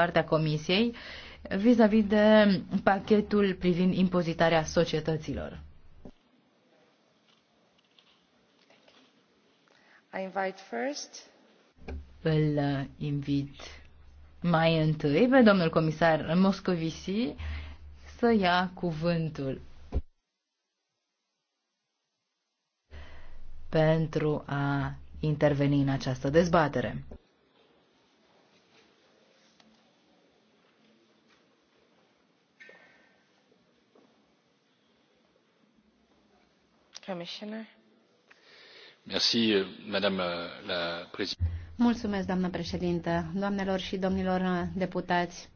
partea Comisiei vis-a-vis -vis de pachetul privind impozitarea societăților. I invite first. Îl uh, invit mai întâi pe domnul comisar Moscovici să ia cuvântul pentru a interveni în această dezbatere. Euh, euh, Mulțumesc, doamnă președintă doamnelor și domnilor uh, deputați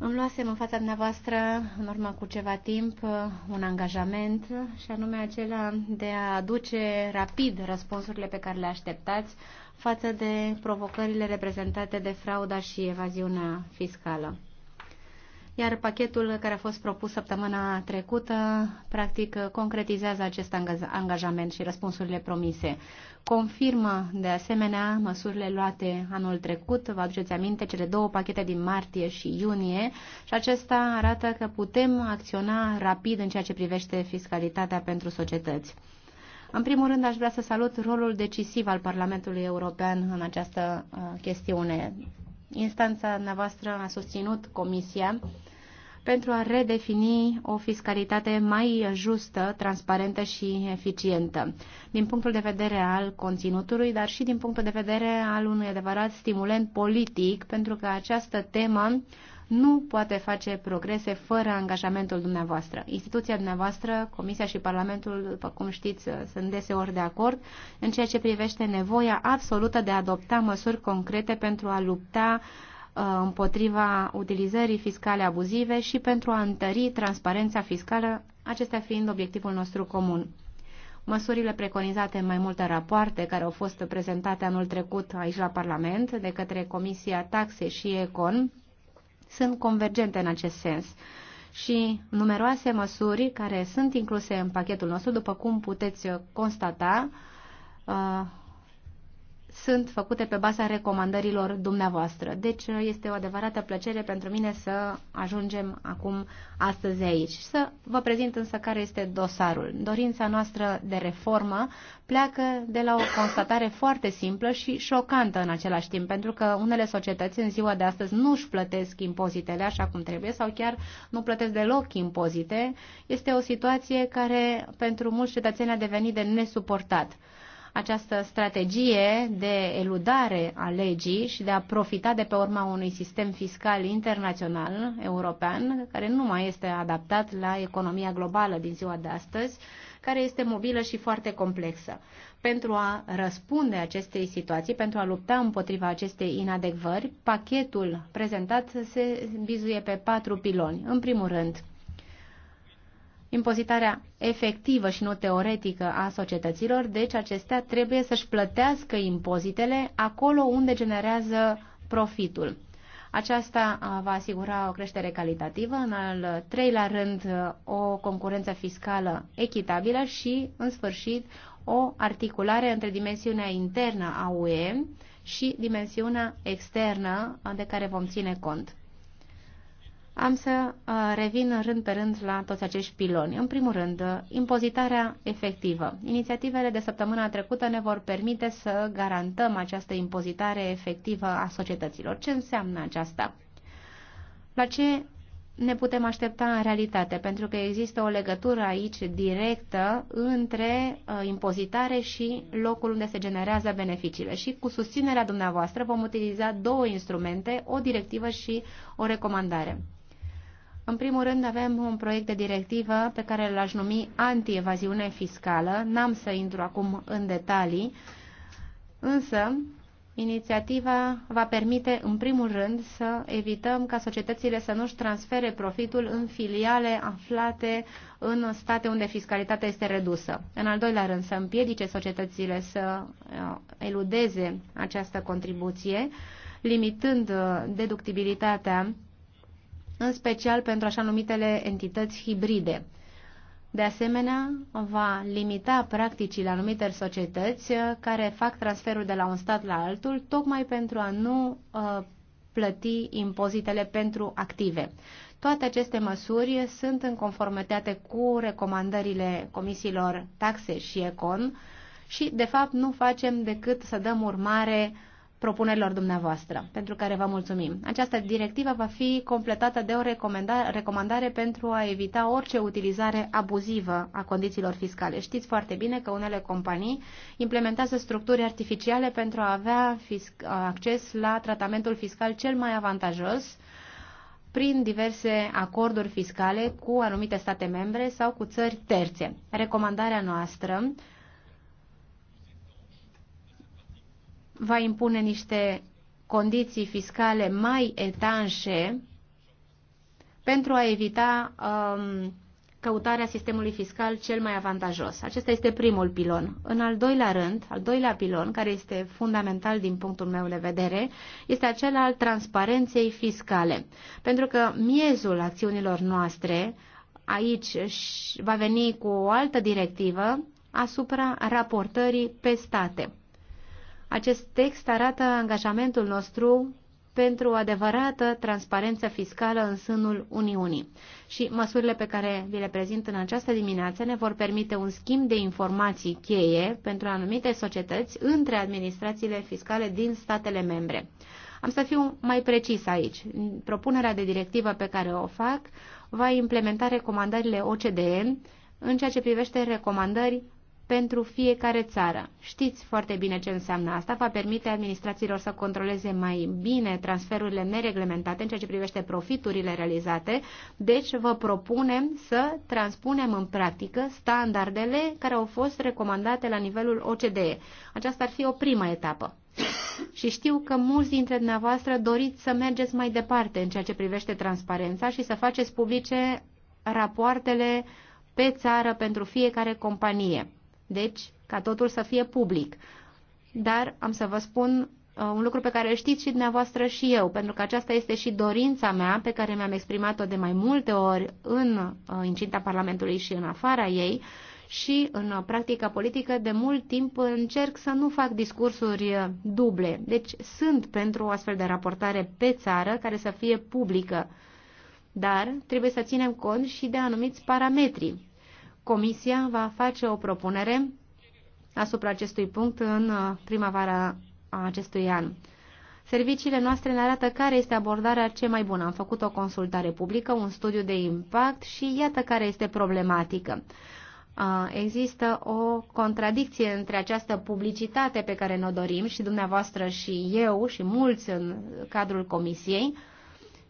îmi luasem în fața dumneavoastră în urmă cu ceva timp uh, un angajament și anume acela de a aduce rapid răspunsurile pe care le așteptați față de provocările reprezentate de frauda și evaziunea fiscală iar pachetul care a fost propus săptămâna trecută, practic, concretizează acest angajament și răspunsurile promise. Confirmă, de asemenea, măsurile luate anul trecut, vă aduceți aminte, cele două pachete din martie și iunie, și acesta arată că putem acționa rapid în ceea ce privește fiscalitatea pentru societăți. În primul rând, aș vrea să salut rolul decisiv al Parlamentului European în această uh, chestiune. Instanța noastră a susținut Comisia pentru a redefini o fiscalitate mai justă, transparentă și eficientă, din punctul de vedere al conținutului, dar și din punctul de vedere al unui adevărat stimulent politic, pentru că această temă nu poate face progrese fără angajamentul dumneavoastră. Instituția dumneavoastră, Comisia și Parlamentul, după cum știți, sunt deseori de acord în ceea ce privește nevoia absolută de a adopta măsuri concrete pentru a lupta uh, împotriva utilizării fiscale abuzive și pentru a întări transparența fiscală, acestea fiind obiectivul nostru comun. Măsurile preconizate în mai multe rapoarte care au fost prezentate anul trecut aici la Parlament de către Comisia Taxe și Econ sunt convergente în acest sens și numeroase măsuri care sunt incluse în pachetul nostru, după cum puteți constata, uh, sunt făcute pe baza recomandărilor dumneavoastră. Deci este o adevărată plăcere pentru mine să ajungem acum astăzi aici. Să vă prezint însă care este dosarul. Dorința noastră de reformă pleacă de la o constatare foarte simplă și șocantă în același timp, pentru că unele societăți în ziua de astăzi nu își plătesc impozitele așa cum trebuie sau chiar nu plătesc deloc impozite. Este o situație care pentru mulți cetățeni a devenit de nesuportat această strategie de eludare a legii și de a profita de pe urma unui sistem fiscal internațional european, care nu mai este adaptat la economia globală din ziua de astăzi, care este mobilă și foarte complexă. Pentru a răspunde acestei situații, pentru a lupta împotriva acestei inadecvări, pachetul prezentat se bizuie pe patru piloni. În primul rând, impozitarea efectivă și nu teoretică a societăților, deci acestea trebuie să-și plătească impozitele acolo unde generează profitul. Aceasta va asigura o creștere calitativă, în al treilea rând o concurență fiscală echitabilă și, în sfârșit, o articulare între dimensiunea internă a UE și dimensiunea externă de care vom ține cont. Am să uh, revin rând pe rând la toți acești piloni. În primul rând, uh, impozitarea efectivă. Inițiativele de săptămâna trecută ne vor permite să garantăm această impozitare efectivă a societăților. Ce înseamnă aceasta? La ce ne putem aștepta în realitate, pentru că există o legătură aici directă între uh, impozitare și locul unde se generează beneficiile. Și cu susținerea dumneavoastră vom utiliza două instrumente, o directivă și o recomandare. În primul rând avem un proiect de directivă pe care l-aș numi anti-evaziune fiscală. N-am să intru acum în detalii, însă inițiativa va permite în primul rând să evităm ca societățile să nu-și transfere profitul în filiale aflate în state unde fiscalitatea este redusă. În al doilea rând să împiedice societățile să uh, eludeze această contribuție, limitând uh, deductibilitatea în special pentru așa numitele entități hibride. De asemenea, va limita practicile anumitor societăți uh, care fac transferul de la un stat la altul, tocmai pentru a nu uh, plăti impozitele pentru active. Toate aceste măsuri sunt în conformitate cu recomandările comisiilor taxe și econ și, de fapt, nu facem decât să dăm urmare uh, propunerilor dumneavoastră, pentru care vă mulțumim. Această directivă va fi completată de o recomandare, recomandare pentru a evita orice utilizare abuzivă a condițiilor fiscale. Știți foarte bine că unele companii implementează structuri artificiale pentru a avea acces la tratamentul fiscal cel mai avantajos prin diverse acorduri fiscale cu anumite state membre sau cu țări terțe. Recomandarea noastră va impune niște condiții fiscale mai etanșe pentru a evita um, căutarea sistemului fiscal cel mai avantajos. Acesta este primul pilon. În al doilea rând, al doilea pilon, care este fundamental din punctul meu de vedere, este acela al transparenței fiscale. Pentru că miezul acțiunilor noastre aici va veni cu o altă directivă asupra raportării pe state. Acest text arată angajamentul nostru pentru o adevărată transparență fiscală în sânul Uniunii. Și măsurile pe care vi le prezint în această dimineață ne vor permite un schimb de informații cheie pentru anumite societăți între administrațiile fiscale din statele membre. Am să fiu mai precis aici. Propunerea de directivă pe care o fac va implementa recomandările OCDE în ceea ce privește recomandări pentru fiecare țară. Știți foarte bine ce înseamnă asta. Va permite administrațiilor să controleze mai bine transferurile nereglementate în ceea ce privește profiturile realizate. Deci vă propunem să transpunem în practică standardele care au fost recomandate la nivelul OCDE. Aceasta ar fi o primă etapă. Și știu că mulți dintre dumneavoastră doriți să mergeți mai departe în ceea ce privește transparența și să faceți publice rapoartele pe țară pentru fiecare companie. Deci, ca totul să fie public. Dar am să vă spun uh, un lucru pe care îl știți și dumneavoastră și eu, pentru că aceasta este și dorința mea pe care mi-am exprimat-o de mai multe ori în uh, incinta Parlamentului și în afara ei și în uh, practica politică de mult timp încerc să nu fac discursuri duble. Deci sunt pentru o astfel de raportare pe țară care să fie publică, dar trebuie să ținem cont și de anumiți parametri. Comisia va face o propunere asupra acestui punct în uh, primăvara acestui an. Serviciile noastre ne arată care este abordarea cea mai bună. Am făcut o consultare publică, un studiu de impact și iată care este problematică. Uh, există o contradicție între această publicitate pe care ne-o dorim și dumneavoastră și eu și mulți în cadrul comisiei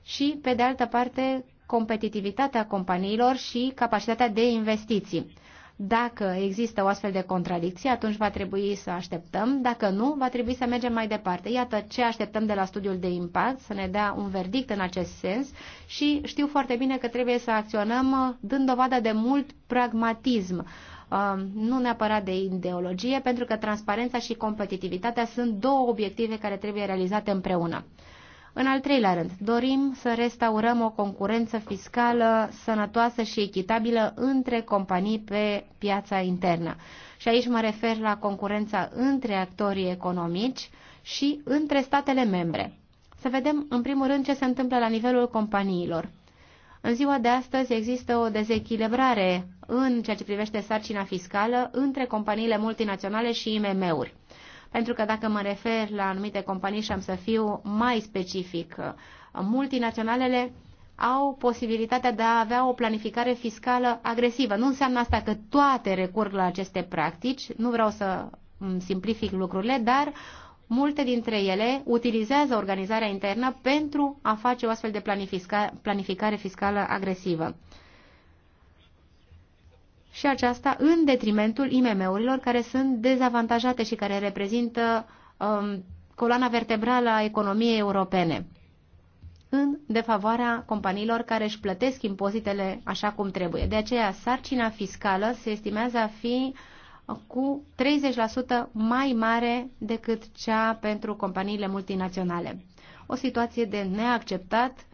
și, pe de altă parte, competitivitatea companiilor și capacitatea de investiții. Dacă există o astfel de contradicție, atunci va trebui să așteptăm. Dacă nu, va trebui să mergem mai departe. Iată ce așteptăm de la studiul de impact, să ne dea un verdict în acest sens și știu foarte bine că trebuie să acționăm uh, dând dovadă de mult pragmatism uh, nu neapărat de ideologie, pentru că transparența și competitivitatea sunt două obiective care trebuie realizate împreună. În al treilea rând, dorim să restaurăm o concurență fiscală sănătoasă și echitabilă între companii pe piața internă. Și aici mă refer la concurența între actorii economici și între statele membre. Să vedem, în primul rând, ce se întâmplă la nivelul companiilor. În ziua de astăzi există o dezechilibrare în ceea ce privește sarcina fiscală între companiile multinaționale și IMM-uri. Pentru că dacă mă refer la anumite companii și am să fiu mai specific, multinaționalele au posibilitatea de a avea o planificare fiscală agresivă. Nu înseamnă asta că toate recurg la aceste practici, nu vreau să simplific lucrurile, dar multe dintre ele utilizează organizarea internă pentru a face o astfel de planificare fiscală agresivă și aceasta în detrimentul IMM-urilor care sunt dezavantajate și care reprezintă um, coloana vertebrală a economiei europene în defavoarea companiilor care își plătesc impozitele așa cum trebuie. De aceea, sarcina fiscală se estimează a fi cu 30% mai mare decât cea pentru companiile multinaționale. O situație de neacceptat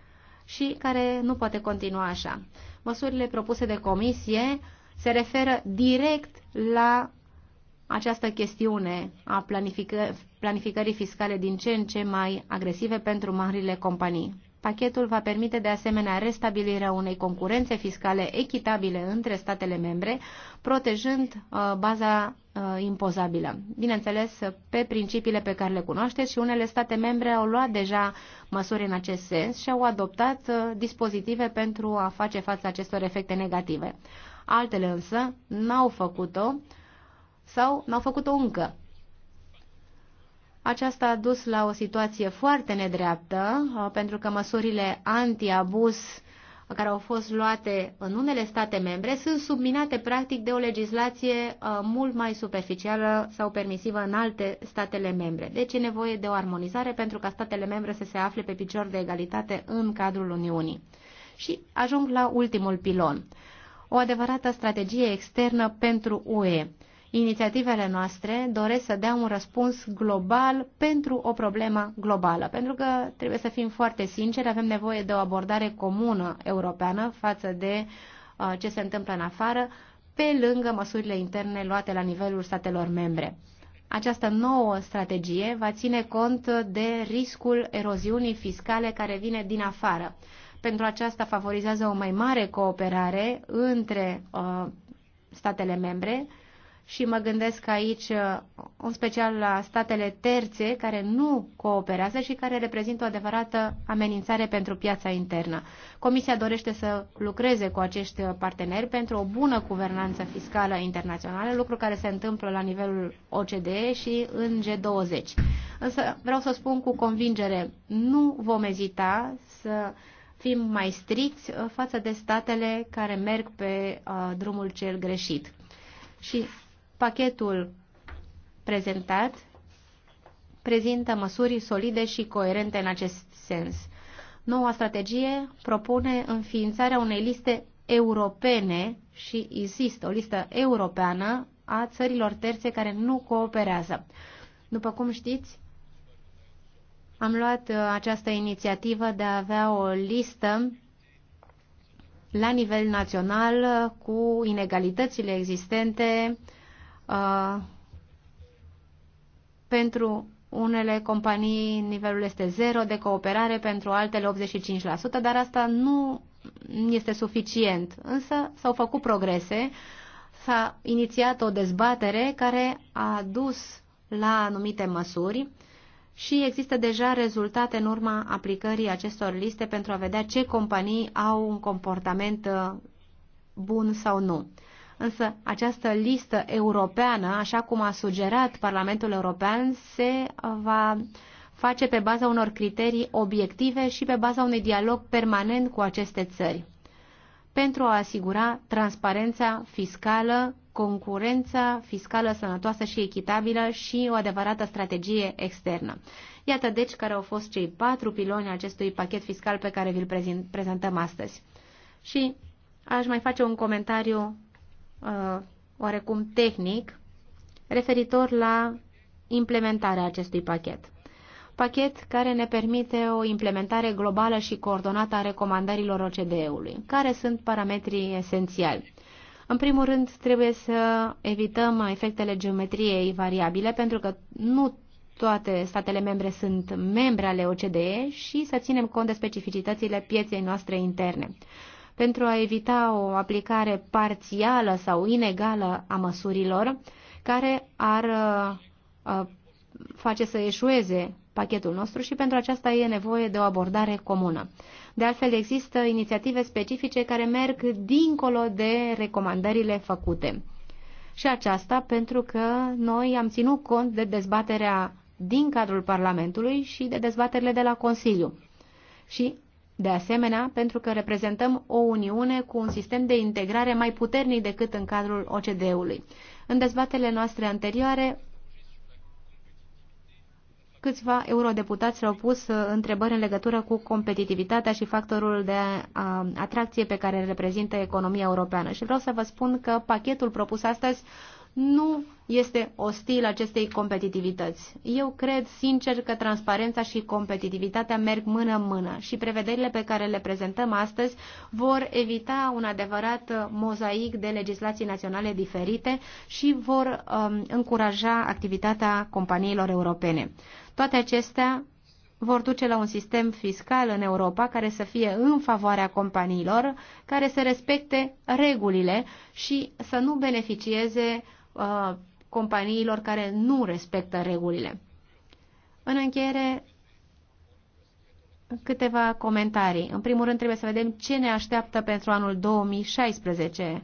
și care nu poate continua așa. Măsurile propuse de comisie se referă direct la această chestiune a planifică, planificării fiscale din ce în ce mai agresive pentru marile companii. Pachetul va permite de asemenea restabilirea unei concurențe fiscale echitabile între statele membre, protejând uh, baza uh, impozabilă. Bineînțeles, pe principiile pe care le cunoașteți și unele state membre au luat deja măsuri în acest sens și au adoptat uh, dispozitive pentru a face față acestor efecte negative altele însă n-au făcut-o sau n-au făcut-o încă. Aceasta a dus la o situație foarte nedreaptă, uh, pentru că măsurile anti-abuz care au fost luate în unele state membre sunt subminate practic de o legislație uh, mult mai superficială sau permisivă în alte statele membre. Deci e nevoie de o armonizare pentru ca statele membre să se afle pe picior de egalitate în cadrul Uniunii. Și ajung la ultimul pilon o adevărată strategie externă pentru UE. Inițiativele noastre doresc să dea un răspuns global pentru o problemă globală, pentru că trebuie să fim foarte sinceri, avem nevoie de o abordare comună europeană față de uh, ce se întâmplă în afară, pe lângă măsurile interne luate la nivelul statelor membre. Această nouă strategie va ține cont de riscul eroziunii fiscale care vine din afară pentru aceasta favorizează o mai mare cooperare între uh, statele membre și mă gândesc aici uh, în special la statele terțe care nu cooperează și care reprezintă o adevărată amenințare pentru piața internă. Comisia dorește să lucreze cu acești parteneri pentru o bună guvernanță fiscală internațională, lucru care se întâmplă la nivelul OCDE și în G20. Însă vreau să spun cu convingere, nu vom ezita să fim mai stricți uh, față de statele care merg pe uh, drumul cel greșit. Și pachetul prezentat prezintă măsuri solide și coerente în acest sens. Noua strategie propune înființarea unei liste europene și există o listă europeană a țărilor terțe care nu cooperează. După cum știți, am luat uh, această inițiativă de a avea o listă la nivel național uh, cu inegalitățile existente uh, pentru unele companii nivelul este zero de cooperare, pentru altele 85%, dar asta nu este suficient. Însă s-au făcut progrese, s-a inițiat o dezbatere care a dus la anumite măsuri și există deja rezultate în urma aplicării acestor liste pentru a vedea ce companii au un comportament uh, bun sau nu. Însă această listă europeană, așa cum a sugerat Parlamentul European, se uh, va face pe baza unor criterii obiective și pe baza unui dialog permanent cu aceste țări pentru a asigura transparența fiscală concurența fiscală sănătoasă și echitabilă și o adevărată strategie externă. Iată deci care au fost cei patru piloni acestui pachet fiscal pe care vi-l prezentăm astăzi. Și aș mai face un comentariu uh, oarecum tehnic referitor la implementarea acestui pachet. Pachet care ne permite o implementare globală și coordonată a recomandărilor OCDE-ului. Care sunt parametrii esențiali? În primul rând, trebuie să evităm efectele geometriei variabile, pentru că nu toate statele membre sunt membre ale OCDE și să ținem cont de specificitățile pieței noastre interne. Pentru a evita o aplicare parțială sau inegală a măsurilor, care ar uh, uh, face să eșueze pachetul nostru și pentru aceasta e nevoie de o abordare comună. De altfel, există inițiative specifice care merg dincolo de recomandările făcute. Și aceasta pentru că noi am ținut cont de dezbaterea din cadrul Parlamentului și de dezbaterile de la Consiliu. Și, de asemenea, pentru că reprezentăm o Uniune cu un sistem de integrare mai puternic decât în cadrul OCDE-ului. În dezbatele noastre anterioare Câțiva eurodeputați au pus uh, întrebări în legătură cu competitivitatea și factorul de uh, atracție pe care îl reprezintă economia europeană. Și vreau să vă spun că pachetul propus astăzi nu este ostil acestei competitivități. Eu cred sincer că transparența și competitivitatea merg mână în mână și prevederile pe care le prezentăm astăzi vor evita un adevărat uh, mozaic de legislații naționale diferite și vor um, încuraja activitatea companiilor europene. Toate acestea vor duce la un sistem fiscal în Europa care să fie în favoarea companiilor, care să respecte regulile și să nu beneficieze uh, companiilor care nu respectă regulile. În încheiere, câteva comentarii. În primul rând, trebuie să vedem ce ne așteaptă pentru anul 2016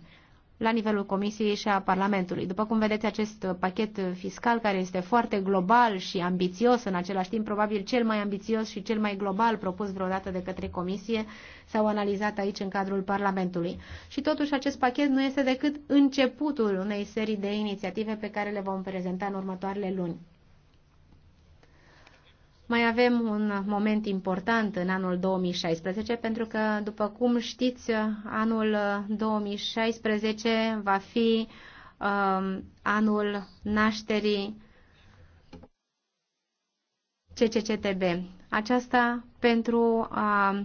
la nivelul Comisiei și a Parlamentului. După cum vedeți, acest pachet fiscal, care este foarte global și ambițios în același timp, probabil cel mai ambițios și cel mai global propus vreodată de către Comisie, s-au analizat aici în cadrul Parlamentului. Și totuși acest pachet nu este decât începutul unei serii de inițiative pe care le vom prezenta în următoarele luni. Mai avem un moment important în anul 2016, pentru că, după cum știți, anul 2016 va fi uh, anul nașterii CCCTB. Aceasta pentru a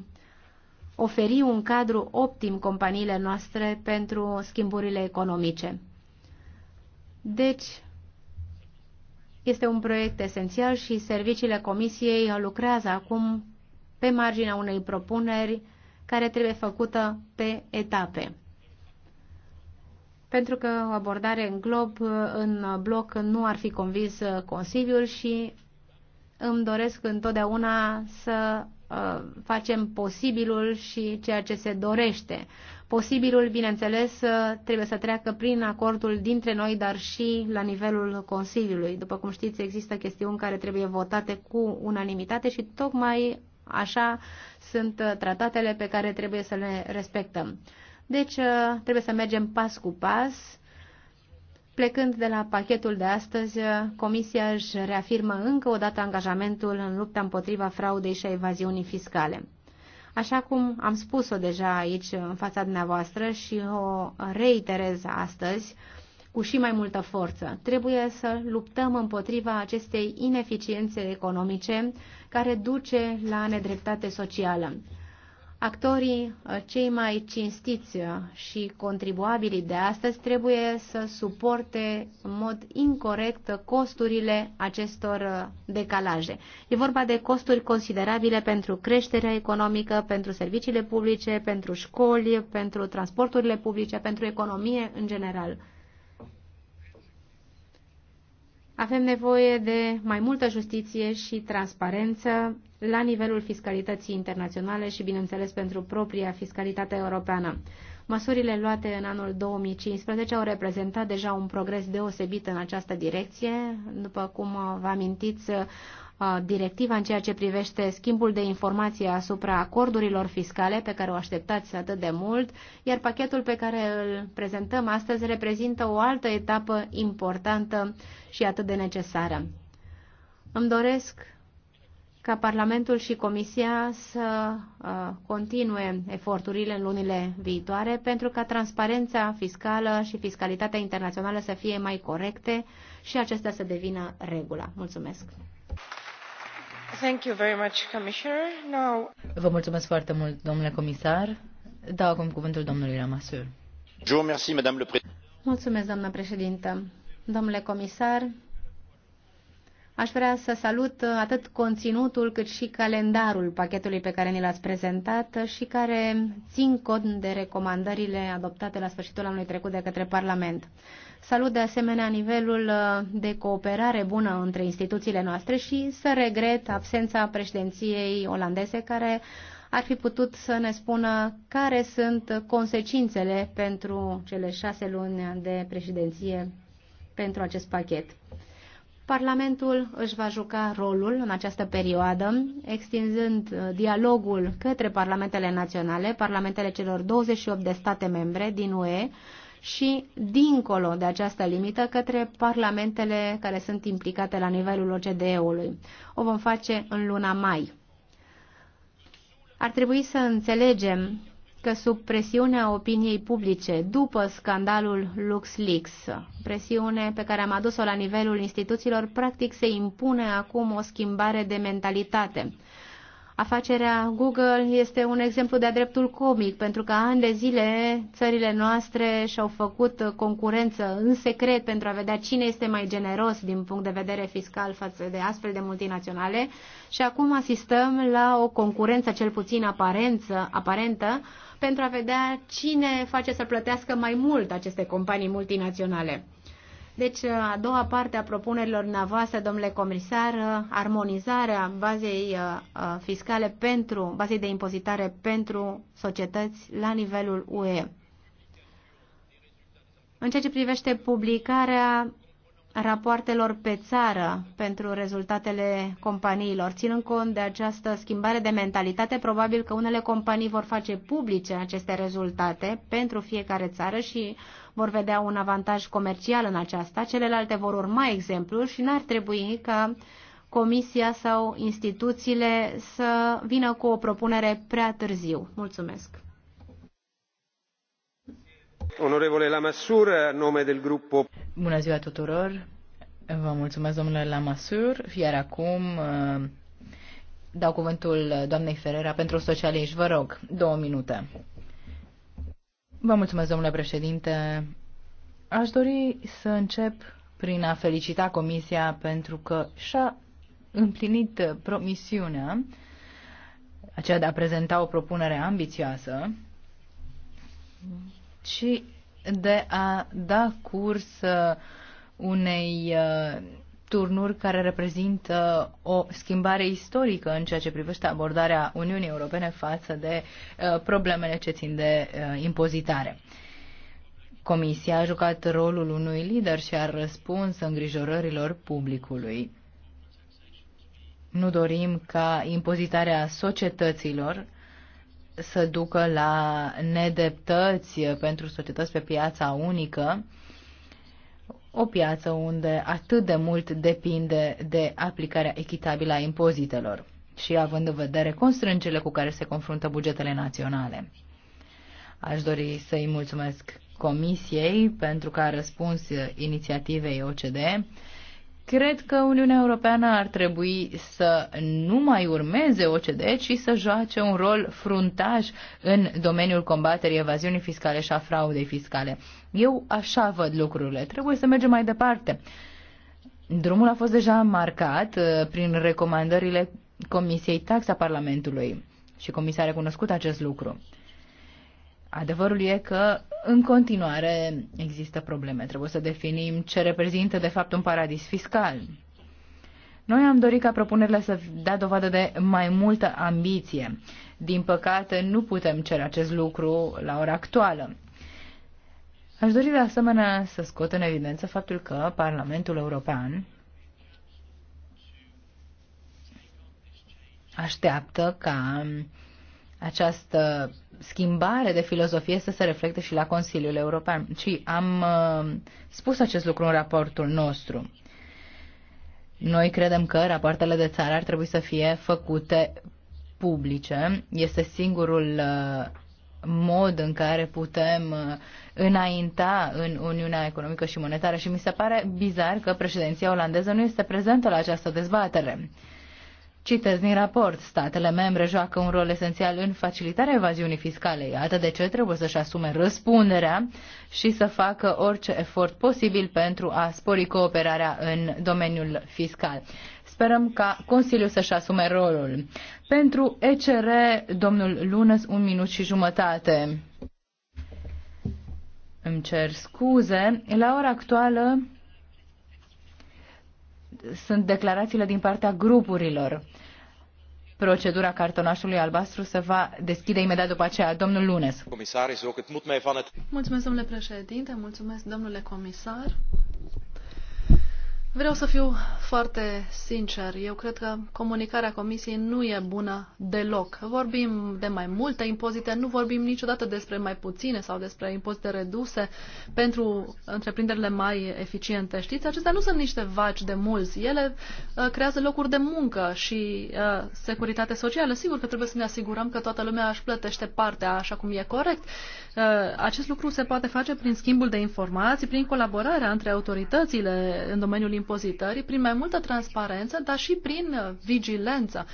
oferi un cadru optim companiile noastre pentru schimburile economice. Deci, este un proiect esențial și serviciile Comisiei lucrează acum pe marginea unei propuneri care trebuie făcută pe etape. Pentru că o abordare în glob, în bloc, nu ar fi convins Consiliul și îmi doresc întotdeauna să uh, facem posibilul și ceea ce se dorește. Posibilul, bineînțeles, uh, trebuie să treacă prin acordul dintre noi, dar și la nivelul Consiliului. După cum știți, există chestiuni care trebuie votate cu unanimitate și tocmai așa sunt uh, tratatele pe care trebuie să le respectăm. Deci uh, trebuie să mergem pas cu pas. Plecând de la pachetul de astăzi, Comisia își reafirmă încă o dată angajamentul în lupta împotriva fraudei și a evaziunii fiscale. Așa cum am spus-o deja aici în fața dumneavoastră și o reiterez astăzi cu și mai multă forță, trebuie să luptăm împotriva acestei ineficiențe economice care duce la nedreptate socială. Actorii uh, cei mai cinstiți uh, și contribuabili de astăzi trebuie să suporte în mod incorrect costurile acestor uh, decalaje. E vorba de costuri considerabile pentru creșterea economică, pentru serviciile publice, pentru școli, pentru transporturile publice, pentru economie în general. Avem nevoie de mai multă justiție și transparență la nivelul fiscalității internaționale și, bineînțeles, pentru propria fiscalitate europeană. Măsurile luate în anul 2015 au reprezentat deja un progres deosebit în această direcție. După cum vă amintiți, directiva în ceea ce privește schimbul de informații asupra acordurilor fiscale pe care o așteptați atât de mult, iar pachetul pe care îl prezentăm astăzi reprezintă o altă etapă importantă și atât de necesară. Îmi doresc ca Parlamentul și Comisia să continue eforturile în lunile viitoare pentru ca transparența fiscală și fiscalitatea internațională să fie mai corecte și acestea să devină regula. Mulțumesc! Vă mulțumesc foarte mult, domnule comisar. Dau acum cuvântul domnului Ramasur. Mulțumesc, doamnă președintă. Domnule comisar, Aș vrea să salut atât conținutul cât și calendarul pachetului pe care ni l-ați prezentat și care țin cont de recomandările adoptate la sfârșitul anului trecut de către Parlament. Salut de asemenea nivelul uh, de cooperare bună între instituțiile noastre și să regret absența președinției olandeze care ar fi putut să ne spună care sunt consecințele pentru cele șase luni de președinție pentru acest pachet. Parlamentul își va juca rolul în această perioadă, extinzând uh, dialogul către parlamentele naționale, parlamentele celor 28 de state membre din UE, și dincolo de această limită către parlamentele care sunt implicate la nivelul OCDE-ului. O vom face în luna mai. Ar trebui să înțelegem că sub presiunea opiniei publice după scandalul LuxLeaks, presiune pe care am adus-o la nivelul instituțiilor, practic se impune acum o schimbare de mentalitate. Afacerea Google este un exemplu de-a dreptul comic, pentru că ani de zile țările noastre și-au făcut concurență în secret pentru a vedea cine este mai generos din punct de vedere fiscal față de astfel de multinaționale și acum asistăm la o concurență cel puțin aparență, aparentă pentru a vedea cine face să plătească mai mult aceste companii multinaționale. Deci, a doua parte a propunerilor navoase, domnule comisar, armonizarea bazei fiscale pentru, bazei de impozitare pentru societăți la nivelul UE. În ceea ce privește publicarea rapoartelor pe țară pentru rezultatele companiilor. Ținând cont de această schimbare de mentalitate, probabil că unele companii vor face publice aceste rezultate pentru fiecare țară și vor vedea un avantaj comercial în aceasta. Celelalte vor urma exemplul și n-ar trebui ca comisia sau instituțiile să vină cu o propunere prea târziu. Mulțumesc! Onorevole Lamassur, nume del gruppo. Bună ziua tuturor. Vă mulțumesc, domnule Lamassur. Iar acum uh, dau cuvântul doamnei Ferrera pentru socialiști. Vă rog, două minute. Vă mulțumesc, domnule președinte. Aș dori să încep prin a felicita Comisia pentru că și-a împlinit promisiunea aceea de a prezenta o propunere ambițioasă ci de a da curs uh, unei uh, turnuri care reprezintă o schimbare istorică în ceea ce privește abordarea Uniunii Europene față de uh, problemele ce țin de impozitare. Comisia a jucat rolul unui lider și a răspuns îngrijorărilor publicului. Nu dorim ca impozitarea societăților să ducă la nedeptăți pentru societăți pe piața unică, o piață unde atât de mult depinde de aplicarea echitabilă a impozitelor și având în vedere constrângele cu care se confruntă bugetele naționale. Aș dori să-i mulțumesc Comisiei pentru că a răspuns inițiativei OCDE Cred că Uniunea Europeană ar trebui să nu mai urmeze OCDE, ci să joace un rol fruntaș în domeniul combaterii evaziunii fiscale și a fraudei fiscale. Eu așa văd lucrurile. Trebuie să mergem mai departe. Drumul a fost deja marcat uh, prin recomandările Comisiei Taxa Parlamentului și Comisia a recunoscut acest lucru. Adevărul e că în continuare există probleme. Trebuie să definim ce reprezintă de fapt un paradis fiscal. Noi am dorit ca propunerile să dea dovadă de mai multă ambiție. Din păcate, nu putem cere acest lucru la ora actuală. Aș dori de asemenea să scot în evidență faptul că Parlamentul European așteaptă ca această schimbare de filozofie să se reflecte și la Consiliul European. Și am uh, spus acest lucru în raportul nostru. Noi credem că rapoartele de țară ar trebui să fie făcute publice. Este singurul uh, mod în care putem uh, înainta în Uniunea Economică și Monetară și mi se pare bizar că președinția olandeză nu este prezentă la această dezbatere. Citez din raport, statele membre joacă un rol esențial în facilitarea evaziunii fiscale. Iată de ce trebuie să-și asume răspunderea și să facă orice efort posibil pentru a spori cooperarea în domeniul fiscal. Sperăm ca Consiliul să-și asume rolul. Pentru ECR, domnul Lunăs, un minut și jumătate. Îmi cer scuze. La ora actuală, sunt declarațiile din partea grupurilor. Procedura cartonașului albastru se va deschide imediat după aceea. Domnul Lunes. Mulțumesc, domnule președinte, mulțumesc, domnule comisar. Vreau să fiu foarte sincer. Eu cred că comunicarea Comisiei nu e bună deloc. Vorbim de mai multe impozite, nu vorbim niciodată despre mai puține sau despre impozite reduse pentru întreprinderile mai eficiente. Știți, acestea nu sunt niște vaci de mulți. Ele uh, creează locuri de muncă și uh, securitate socială. Sigur că trebuie să ne asigurăm că toată lumea își plătește partea așa cum e corect. Uh, Uh, acest lucru se poate face prin schimbul de informații, prin colaborarea între autoritățile în domeniul impozitării, prin mai multă transparență, dar și prin uh, vigilență.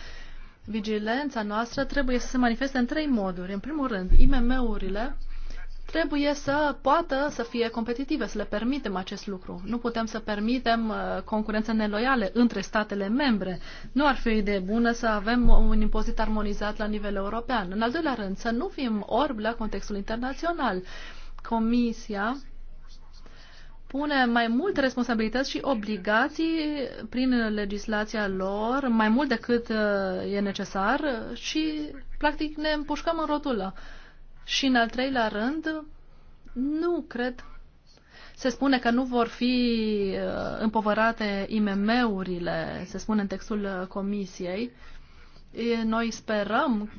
Vigilența noastră trebuie să se manifeste în trei moduri. În primul rând, IMM-urile trebuie să poată să fie competitive, să le permitem acest lucru. Nu putem să permitem uh, concurențe neloiale între statele membre. Nu ar fi o idee bună să avem un impozit armonizat la nivel european. În al doilea rând, să nu fim orbi la contextul internațional. Comisia pune mai multe responsabilități și obligații prin legislația lor, mai mult decât uh, e necesar și, practic, ne împușcăm în rotulă. Uh, și în al treilea rând, nu cred. Se spune că nu vor fi uh, împovărate IMM-urile, se spune în textul uh, comisiei. Noi sperăm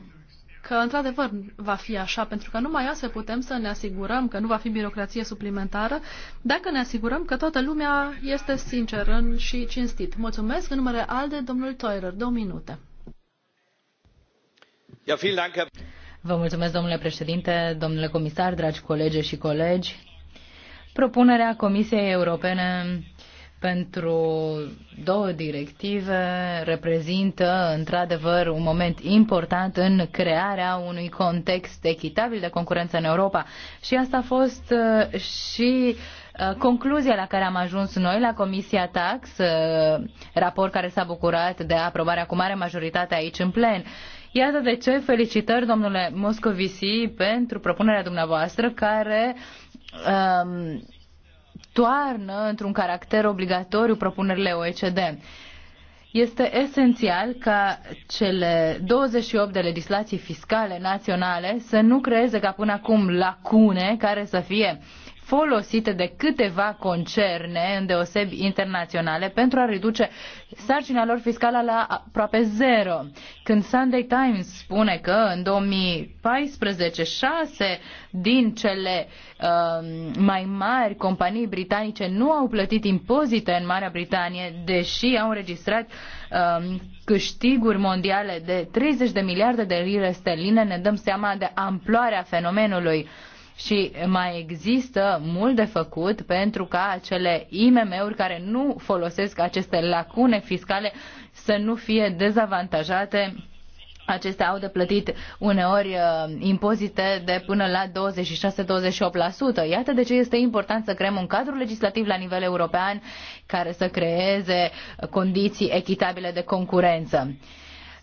că într-adevăr va fi așa, pentru că numai să putem să ne asigurăm că nu va fi birocrație suplimentară, dacă ne asigurăm că toată lumea este sinceră și cinstit. Mulțumesc în numele ALDE, domnul Toirer, două minute. Ja, vielen Dank, Herr Vă mulțumesc, domnule președinte, domnule comisar, dragi colege și colegi. Propunerea Comisiei Europene pentru două directive reprezintă într-adevăr un moment important în crearea unui context echitabil de concurență în Europa. Și asta a fost uh, și uh, concluzia la care am ajuns noi la Comisia Tax, uh, raport care s-a bucurat de aprobarea cu mare majoritate aici în plen. Iată de ce felicitări, domnule Moscovici, pentru propunerea dumneavoastră care um, toarnă într-un caracter obligatoriu propunerile OECD este esențial ca cele 28 de legislații fiscale naționale să nu creeze ca până acum lacune care să fie folosite de câteva concerne, îndeosebi internaționale, pentru a reduce sarcina lor fiscală la aproape zero. Când Sunday Times spune că în 2014 șase din cele uh, mai mari companii britanice nu au plătit impozite în Marea Britanie, deși au înregistrat uh, câștiguri mondiale de 30 de miliarde de lire sterline, ne dăm seama de amploarea fenomenului. Uh, și mai există mult de făcut pentru ca acele IMM-uri care nu folosesc aceste lacune fiscale să nu fie dezavantajate acestea au de plătit uneori uh, impozite de până la 26-28%. Iată de ce este important să creăm un cadru legislativ la nivel european care să creeze condiții echitabile de concurență.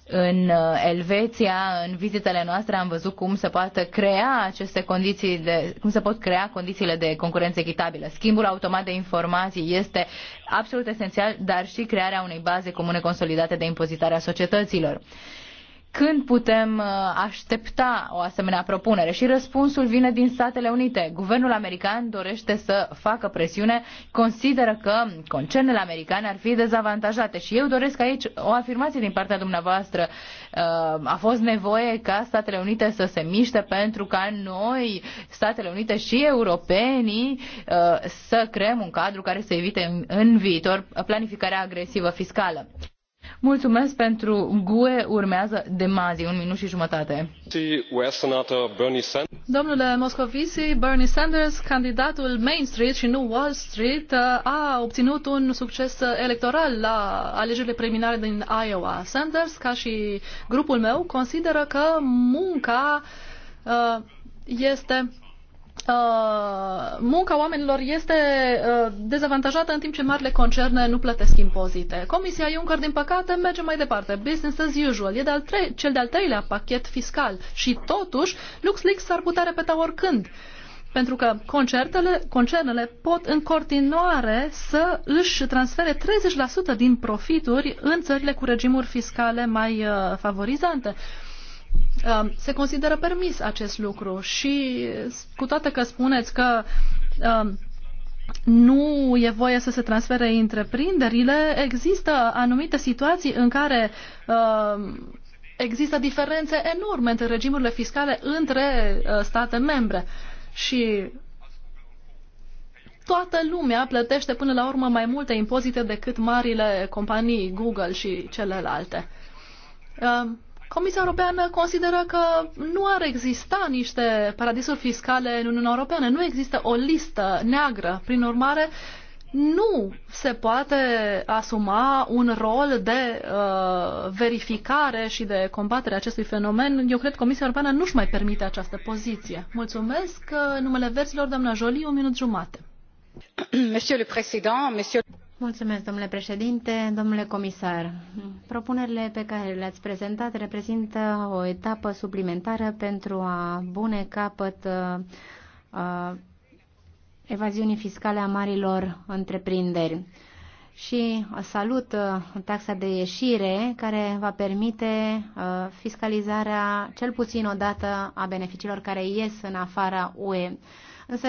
În uh, Elveția, în vizitele noastre, am văzut cum se poate crea aceste condiții de, cum se pot crea condițiile de concurență echitabilă. Schimbul automat de informații este absolut esențial, dar și crearea unei baze comune consolidate de impozitare a societăților când putem uh, aștepta o asemenea propunere? Și răspunsul vine din Statele Unite. Guvernul american dorește să facă presiune, consideră că concernele americane ar fi dezavantajate. Și eu doresc aici o afirmație din partea dumneavoastră. Uh, a fost nevoie ca Statele Unite să se miște pentru ca noi, Statele Unite și europenii, uh, să creăm un cadru care să evite în viitor planificarea agresivă fiscală. Mulțumesc pentru GUE, urmează Demazi, un minut și jumătate. Domnule Moscovici, Bernie Sanders, candidatul Main Street și nu Wall Street, a obținut un succes electoral la alegerile preliminare din Iowa. Sanders, ca și grupul meu, consideră că munca uh, este Uh, munca oamenilor este uh, dezavantajată în timp ce marile concerne nu plătesc impozite. Comisia Juncker, din păcate, merge mai departe. Business as usual. E de-al tre- cel de-al treilea pachet fiscal și, totuși, LuxLeaks s-ar putea repeta oricând. Pentru că concertele, concernele pot în continuare să își transfere 30% din profituri în țările cu regimuri fiscale mai uh, favorizante. Uh, Um, se consideră permis acest lucru și cu toate că spuneți că um, nu e voie să se transfere întreprinderile, există anumite situații în care um, există diferențe enorme între regimurile fiscale între uh, state membre. Și toată lumea plătește până la urmă mai multe impozite decât marile companii Google și celelalte. Comisia Europeană consideră că nu ar exista niște paradisuri fiscale în Uniunea Europeană. Nu există o listă neagră. Prin urmare, nu se poate asuma un rol de uh, verificare și de combatere a acestui fenomen. Eu cred că Comisia Europeană nu-și mai permite această poziție. Mulțumesc. Numele verzilor, doamna Jolie, un minut jumate. Monsieur le Président, monsieur... Mulțumesc, domnule președinte, domnule comisar. Propunerile pe care le-ați prezentat reprezintă o etapă suplimentară pentru a bune capăt uh, uh, evaziunii fiscale a marilor întreprinderi. Și salut uh, taxa de ieșire care va permite fiscalizarea cel puțin odată a beneficiilor care ies în afara UE. Însă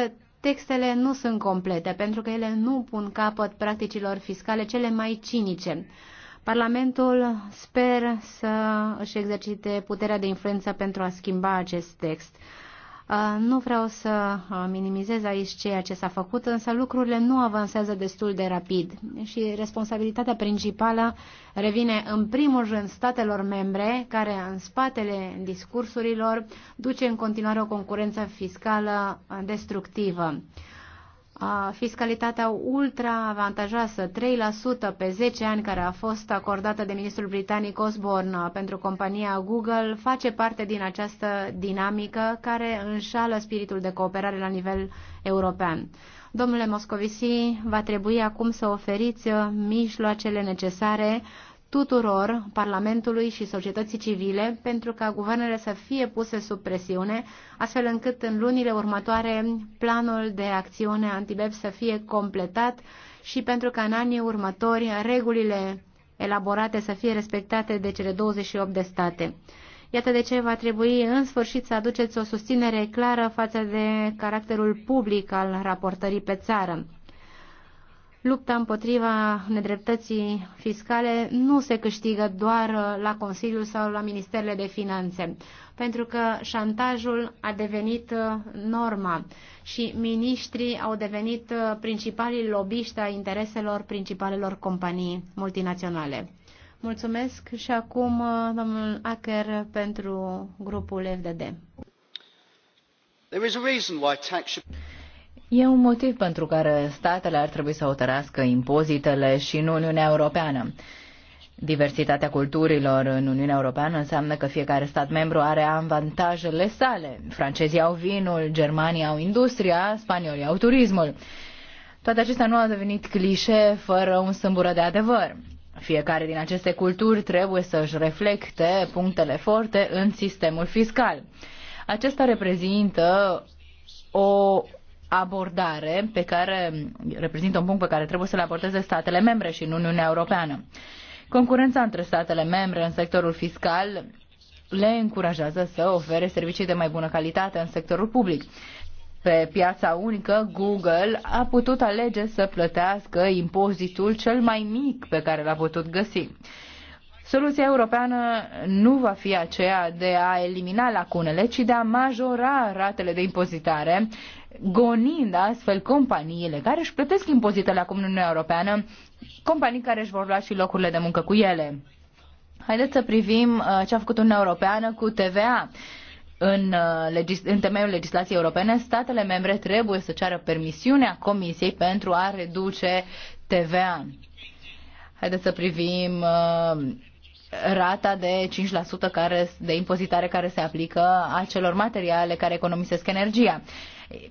textele nu sunt complete, pentru că ele nu pun capăt practicilor fiscale cele mai cinice. Parlamentul sper să își exercite puterea de influență pentru a schimba acest text. Uh, nu vreau să uh, minimizez aici ceea ce s-a făcut, însă lucrurile nu avansează destul de rapid și responsabilitatea principală revine în primul rând statelor membre, care în spatele discursurilor duce în continuare o concurență fiscală uh, destructivă fiscalitatea ultra-avantajoasă, 3% pe 10 ani, care a fost acordată de ministrul britanic Osborne pentru compania Google, face parte din această dinamică care înșală spiritul de cooperare la nivel european. Domnule Moscovici, va trebui acum să oferiți mijloacele necesare tuturor, Parlamentului și societății civile, pentru ca guvernele să fie puse sub presiune, astfel încât în lunile următoare planul de acțiune antibep să fie completat și pentru ca în anii următori regulile elaborate să fie respectate de cele 28 de state. Iată de ce va trebui în sfârșit să aduceți o susținere clară față de caracterul public al raportării pe țară. Lupta împotriva nedreptății fiscale nu se câștigă doar uh, la Consiliu sau la Ministerele de Finanțe, pentru că șantajul a devenit uh, norma și miniștrii au devenit uh, principalii lobiști a intereselor principalelor companii multinaționale. Mulțumesc și acum domnul Acker pentru grupul FDD. There is a reason why tax E un motiv pentru care statele ar trebui să hotărească impozitele și nu Uniunea Europeană. Diversitatea culturilor în Uniunea Europeană înseamnă că fiecare stat membru are avantajele sale. Francezii au vinul, germanii au industria, spaniolii au turismul. Toate acestea nu au devenit clișee fără un sâmbură de adevăr. Fiecare din aceste culturi trebuie să-și reflecte punctele forte în sistemul fiscal. Acesta reprezintă o abordare pe care reprezintă un punct pe care trebuie să-l abordeze statele membre și nu Uniunea Europeană. Concurența între statele membre în sectorul fiscal le încurajează să ofere servicii de mai bună calitate în sectorul public. Pe piața unică, Google a putut alege să plătească impozitul cel mai mic pe care l-a putut găsi. Soluția europeană nu va fi aceea de a elimina lacunele, ci de a majora ratele de impozitare gonind astfel companiile care își plătesc impozitele acum în Uniunea Europeană, companii care își vor lua și locurile de muncă cu ele. Haideți să privim uh, ce a făcut Uniunea Europeană cu TVA. În, uh, legis- în temeiul legislației europene, statele membre trebuie să ceară permisiunea Comisiei pentru a reduce TVA. Haideți să privim uh, rata de 5% care, de impozitare care se aplică acelor materiale care economisesc energia. Uh,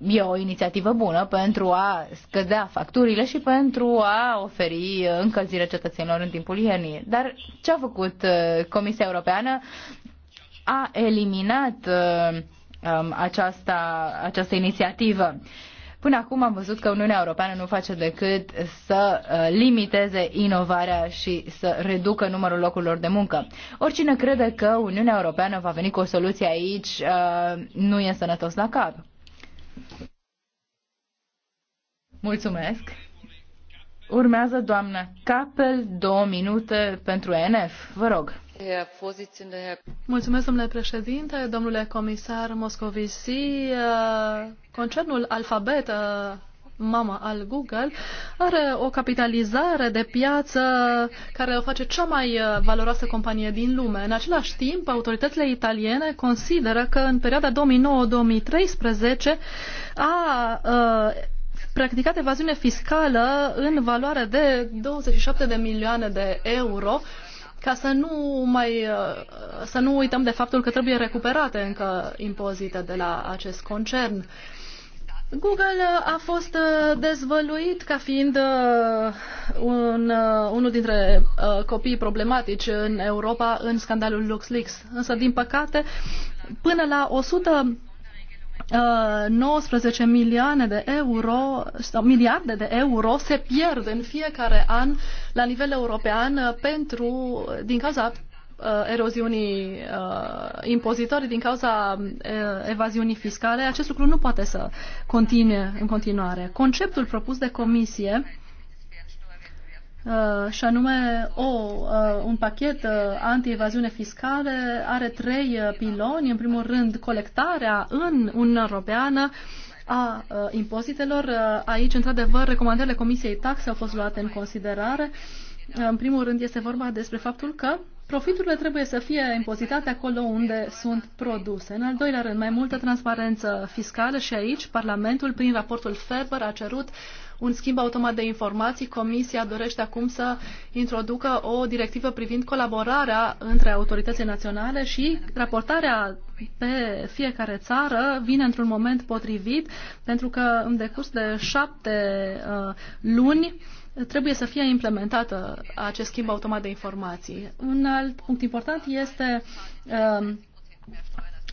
E o inițiativă bună pentru a scădea facturile și pentru a oferi încălzire cetățenilor în timpul iernii. Dar ce a făcut uh, Comisia Europeană? A eliminat uh, um, aceasta, această inițiativă. Până acum am văzut că Uniunea Europeană nu face decât să uh, limiteze inovarea și să reducă numărul locurilor de muncă. Oricine crede că Uniunea Europeană va veni cu o soluție aici nu e sănătos la cap. Mulțumesc. Urmează doamna Capel, două minute pentru ENF. Vă rog. Mulțumesc, domnule președinte, domnule comisar Moscovici. Concernul Alfabet, mama al Google, are o capitalizare de piață care o face cea mai valoroasă companie din lume. În același timp, autoritățile italiene consideră că în perioada 2009-2013 a uh, practicat evaziune fiscală în valoare de 27 de milioane de euro ca să nu mai uh, să nu uităm de faptul că trebuie recuperate încă impozite de la acest concern. Google a fost uh, dezvăluit ca fiind uh, un, unul dintre copiii problematici în Europa în scandalul LuxLeaks. Însă, din păcate, până la 100 19 uh, milioane de euro sau miliarde de euro se pierd în fiecare an la nivel european uh, pentru, din cauza uh, eroziunii impozitorii, din cauza evaziunii fiscale. Acest lucru nu poate să continue în continuare. Conceptul propus de comisie Uh, și anume o, uh, un pachet uh, anti-evaziune fiscală are trei piloni. În primul rând, colectarea în Uniunea Europeană a impozitelor. Aici, într-adevăr, recomandările Comisiei Taxe au fost luate în considerare. În primul rând, este vorba despre faptul că Profiturile trebuie să fie impozitate acolo unde sunt produse. În al doilea rând, mai multă transparență fiscală și aici Parlamentul, prin raportul Ferber, a cerut un schimb automat de informații. Comisia dorește acum să introducă o directivă privind colaborarea între autoritățile naționale și raportarea pe fiecare țară vine într-un moment potrivit, pentru că în decurs de șapte uh, luni trebuie să fie implementată acest schimb automat de informații. Un alt punct important este uh,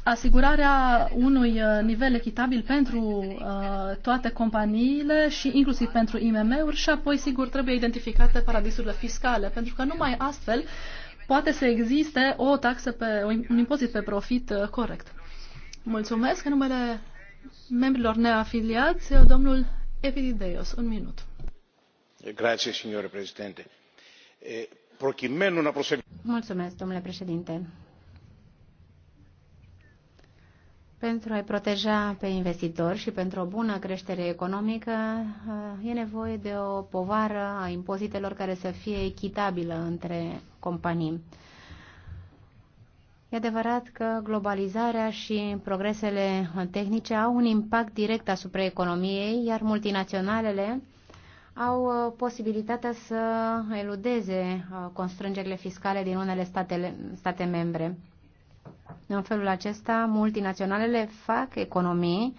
asigurarea unui uh, nivel echitabil pentru uh, toate companiile și inclusiv pentru IMM-uri și apoi, sigur, trebuie identificate paradisurile fiscale, pentru că numai astfel poate să existe o taxă pe, un impozit pe profit uh, corect. Mulțumesc. În numele membrilor neafiliați, uh, domnul Epidideos. un minut. Grazie, signore președinte. Eh, Mulțumesc, domnule președinte Pentru a-i proteja pe investitori și pentru o bună creștere economică, uh, e nevoie de o povară a impozitelor care să fie echitabilă între companii. E adevărat că globalizarea și progresele tehnice au un impact direct asupra economiei, iar multinaționalele au uh, posibilitatea să eludeze uh, constrângerile fiscale din unele statele, state membre. În felul acesta, multinaționalele fac economii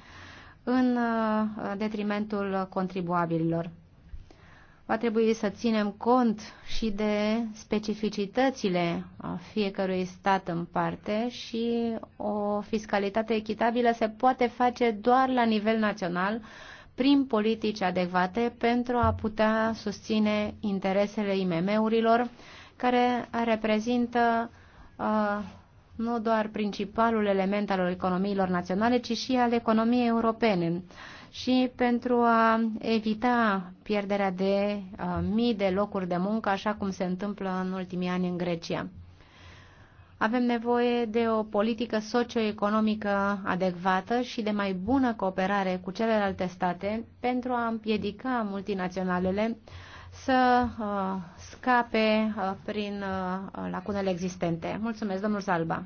în uh, detrimentul contribuabililor. Va trebui să ținem cont și de specificitățile uh, fiecărui stat în parte și o fiscalitate echitabilă se poate face doar la nivel național prin politici adecvate pentru a putea susține interesele IMM-urilor care reprezintă uh, nu doar principalul element al economiilor naționale, ci și al economiei europene. Și pentru a evita pierderea de uh, mii de locuri de muncă, așa cum se întâmplă în ultimii ani în Grecia. Avem nevoie de o politică socioeconomică adecvată și de mai bună cooperare cu celelalte state pentru a împiedica multinaționalele uh, să uh, scape uh, prin uh, lacunele existente. Mulțumesc, domnul Zalba.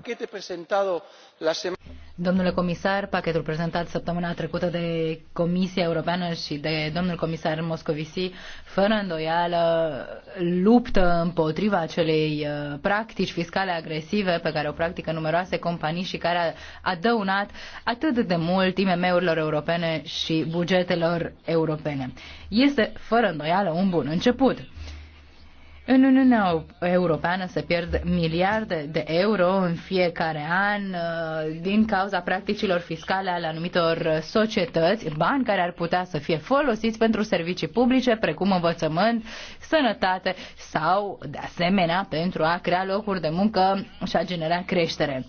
Domnule comisar, pachetul prezentat săptămâna trecută de Comisia Europeană și de domnul comisar Moscovici, fără îndoială, luptă împotriva acelei uh, practici fiscale agresive pe care o practică numeroase companii și care a dăunat atât de mult IMM-urilor europene și bugetelor europene. Este, fără îndoială, un bun început. În Uniunea Europeană se pierd miliarde de euro în fiecare an uh, din cauza practicilor fiscale ale anumitor societăți, bani care ar putea să fie folosiți pentru servicii publice, precum învățământ, sănătate sau, de asemenea, pentru a crea locuri de muncă și a genera creștere.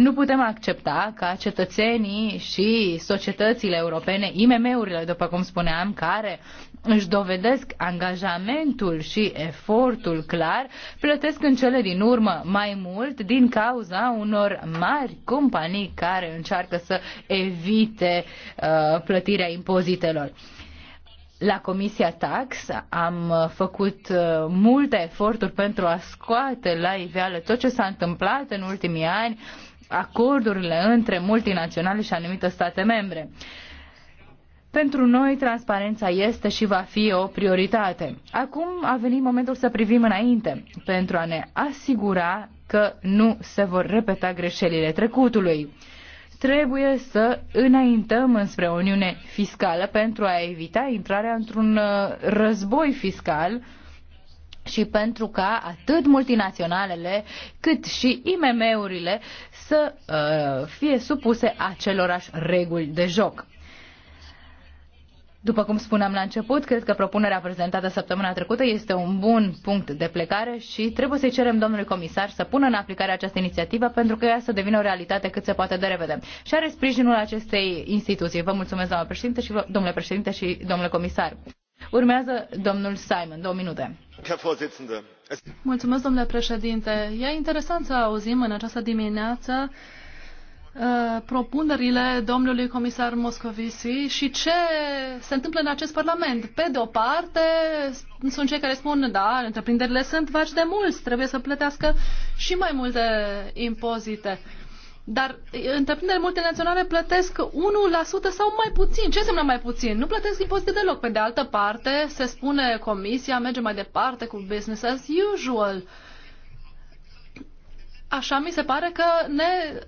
Nu putem accepta ca cetățenii și societățile europene, IMM-urile, după cum spuneam, care își dovedesc angajamentul și efortul clar, plătesc în cele din urmă mai mult din cauza unor mari companii care încearcă să evite uh, plătirea impozitelor. La Comisia Tax am făcut uh, multe eforturi pentru a scoate la iveală tot ce s-a întâmplat în ultimii ani, acordurile între multinaționale și anumite state membre. Pentru noi, transparența este și va fi o prioritate. Acum a venit momentul să privim înainte, pentru a ne asigura că nu se vor repeta greșelile trecutului. Trebuie să înaintăm înspre o uniune fiscală pentru a evita intrarea într-un uh, război fiscal și pentru ca atât multinaționalele cât și IMM-urile să uh, fie supuse acelorași reguli de joc. După cum spuneam la început, cred că propunerea prezentată săptămâna trecută este un bun punct de plecare și trebuie să-i cerem domnului comisar să pună în aplicare această inițiativă pentru că ea să devină o realitate cât se poate de repede. Și are sprijinul acestei instituții. Vă mulțumesc, doamnă președinte și vă, domnule președinte și domnule comisar. Urmează domnul Simon, două minute. Mulțumesc, domnule președinte. E interesant să auzim în această dimineață uh, propunerile domnului comisar Moscovici și ce se întâmplă în acest Parlament. Pe de o parte, sunt cei care spun, da, întreprinderile sunt vaci de mulți, trebuie să plătească și mai multe impozite. Dar întreprinderile multinaționale plătesc 1% sau mai puțin. Ce înseamnă mai puțin? Nu plătesc impozite deloc. Pe de altă parte, se spune comisia merge mai departe cu business as usual. Așa mi se pare că ne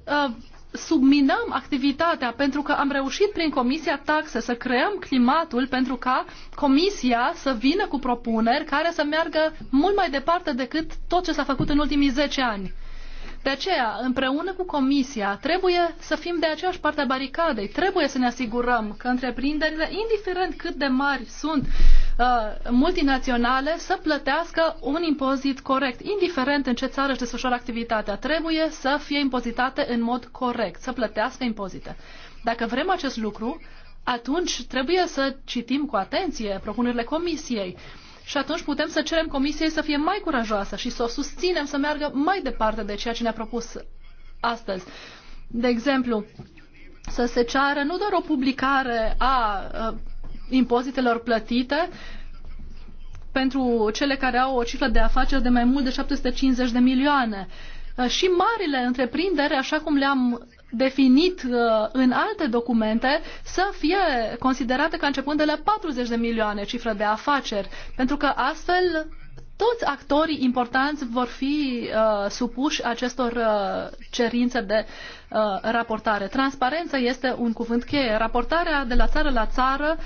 uh, subminăm activitatea pentru că am reușit prin Comisia Taxe să creăm climatul pentru ca Comisia să vină cu propuneri care să meargă mult mai departe decât tot ce s-a făcut în ultimii 10 ani. De aceea, împreună cu Comisia, trebuie să fim de aceeași parte a baricadei. Trebuie să ne asigurăm că întreprinderile, indiferent cât de mari sunt, uh, multinaționale să plătească un impozit corect, indiferent în ce țară își desfășoară activitatea. Trebuie să fie impozitate în mod corect, să plătească impozite. Dacă vrem acest lucru, atunci trebuie să citim cu atenție propunerile Comisiei și atunci putem să cerem Comisiei să fie mai curajoasă și să o susținem să meargă mai departe de ceea ce ne-a propus astăzi. De exemplu, să se ceară nu doar o publicare a impozitelor plătite pentru cele care au o cifră de afaceri de mai mult de 750 de milioane. Și marile întreprinderi, așa cum le-am definit uh, în alte documente să fie considerate ca începând de la 40 de milioane cifră de afaceri, pentru că astfel toți actorii importanți vor fi uh, supuși acestor uh, cerințe de uh, raportare. Transparență este un cuvânt cheie. Raportarea de la țară la țară uh,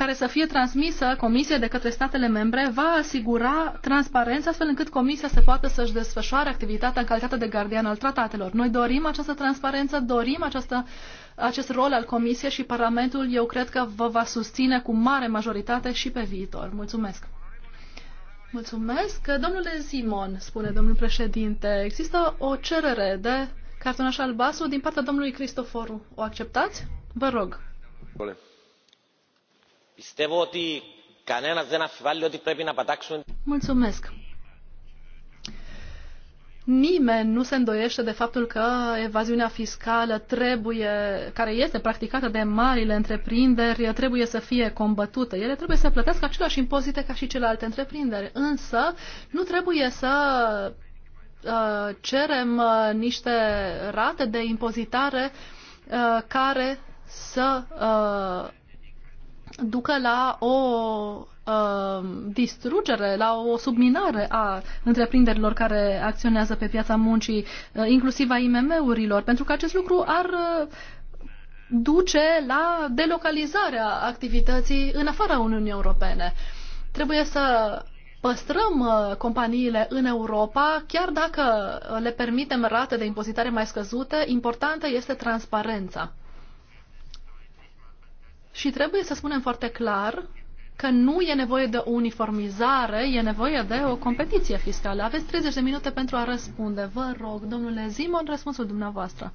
care să fie transmisă Comisiei de către statele membre va asigura transparența, astfel încât Comisia să poată să-și desfășoare activitatea în calitate de gardian al tratatelor. Noi dorim această transparență, dorim această, acest rol al Comisiei și Parlamentul, eu cred că vă va susține cu mare majoritate și pe viitor. Mulțumesc! Mulțumesc. Domnule Simon, spune domnul președinte, există o cerere de cartonaș albastru din partea domnului Cristoforu. O acceptați? Vă rog. Bine. Mulțumesc. Nimeni nu se îndoiește de faptul că evaziunea fiscală trebuie, care este practicată de marile întreprinderi, trebuie să fie combătută. Ele trebuie să plătească aceleași impozite ca și celelalte întreprinderi, însă nu trebuie să uh, cerem uh, niște rate de impozitare uh, care să ducă la o uh, distrugere, la o subminare a întreprinderilor care acționează pe piața muncii, uh, inclusiv a IMM-urilor, pentru că acest lucru ar uh, duce la delocalizarea activității în afara Uniunii Europene. Trebuie să păstrăm uh, companiile în Europa, chiar dacă uh, le permitem rate de impozitare mai scăzute, importantă este transparența. Și trebuie să spunem foarte clar că nu e nevoie de o uniformizare, e nevoie de o competiție fiscală. Aveți 30 de minute pentru a răspunde. Vă rog, domnule Zimon, răspunsul dumneavoastră.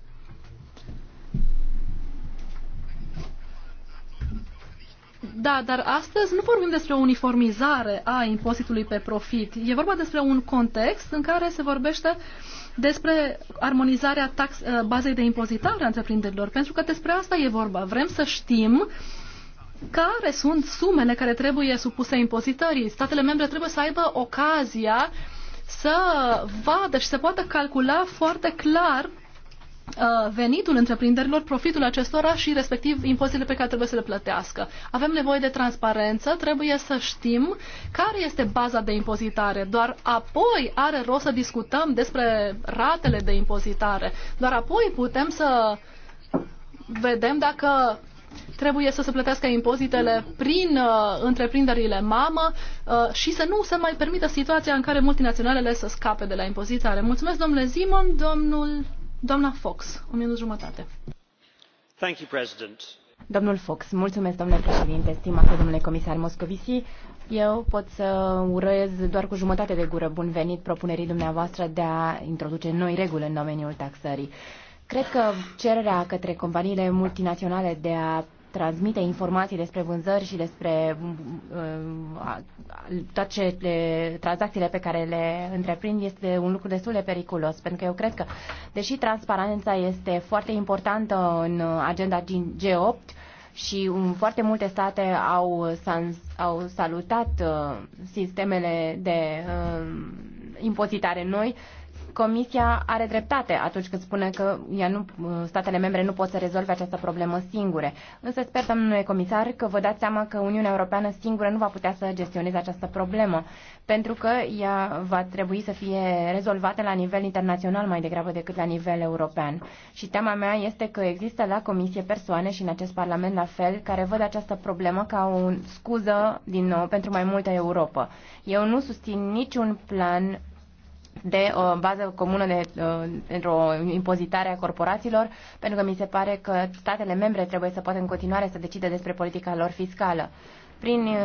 Da, dar astăzi nu vorbim despre o uniformizare a impozitului pe profit. E vorba despre un context în care se vorbește uh, despre armonizarea tax, uh, bazei de impozitare a întreprinderilor, pentru că despre asta e vorba. Vrem să știm care sunt sumele care trebuie supuse impozitării. Statele membre trebuie să aibă ocazia să vadă și să poată calcula foarte clar Uh, venitul întreprinderilor, profitul acestora și respectiv impozitele pe care trebuie să le plătească. Avem nevoie de transparență, trebuie să știm care este baza de impozitare. Doar apoi are rost să discutăm despre ratele de impozitare. Doar apoi putem să vedem dacă trebuie să se plătească impozitele prin uh, întreprinderile mamă uh, și să nu se mai permită situația în care multinaționalele să scape de la impozitare. Mulțumesc, domnule Zimon, domnul Doamna Fox, un minut jumătate. Domnul Fox, mulțumesc, domnule președinte, stimate domnule comisar Moscovici. Eu pot să urez doar cu jumătate de gură bun venit propunerii dumneavoastră de a introduce noi reguli în domeniul taxării. Cred că cererea către companiile multinaționale de a transmite informații despre vânzări și despre uh, toate le, tranzacțiile pe care le întreprind este un lucru destul de periculos, pentru că eu cred că, deși transparența este foarte importantă în agenda G8 și în foarte multe state au, au salutat uh, sistemele de uh, impozitare noi, uh, Comisia are dreptate atunci când spune că ea nu, statele membre nu pot să rezolve această problemă singure. Însă sper, domnule comisar, că vă dați seama că Uniunea Europeană singură nu va putea să gestioneze această problemă, pentru că ea va trebui să fie rezolvată la nivel internațional mai degrabă decât la nivel european. Și teama mea este că există la Comisie persoane și în acest Parlament la fel care văd această problemă ca o scuză din nou pentru mai multă Europa. Eu nu susțin niciun plan de o uh, bază comună de, pentru uh, o impozitare a corporațiilor, pentru că mi se pare că statele membre trebuie să poată în continuare să decide despre politica lor fiscală. Prin uh,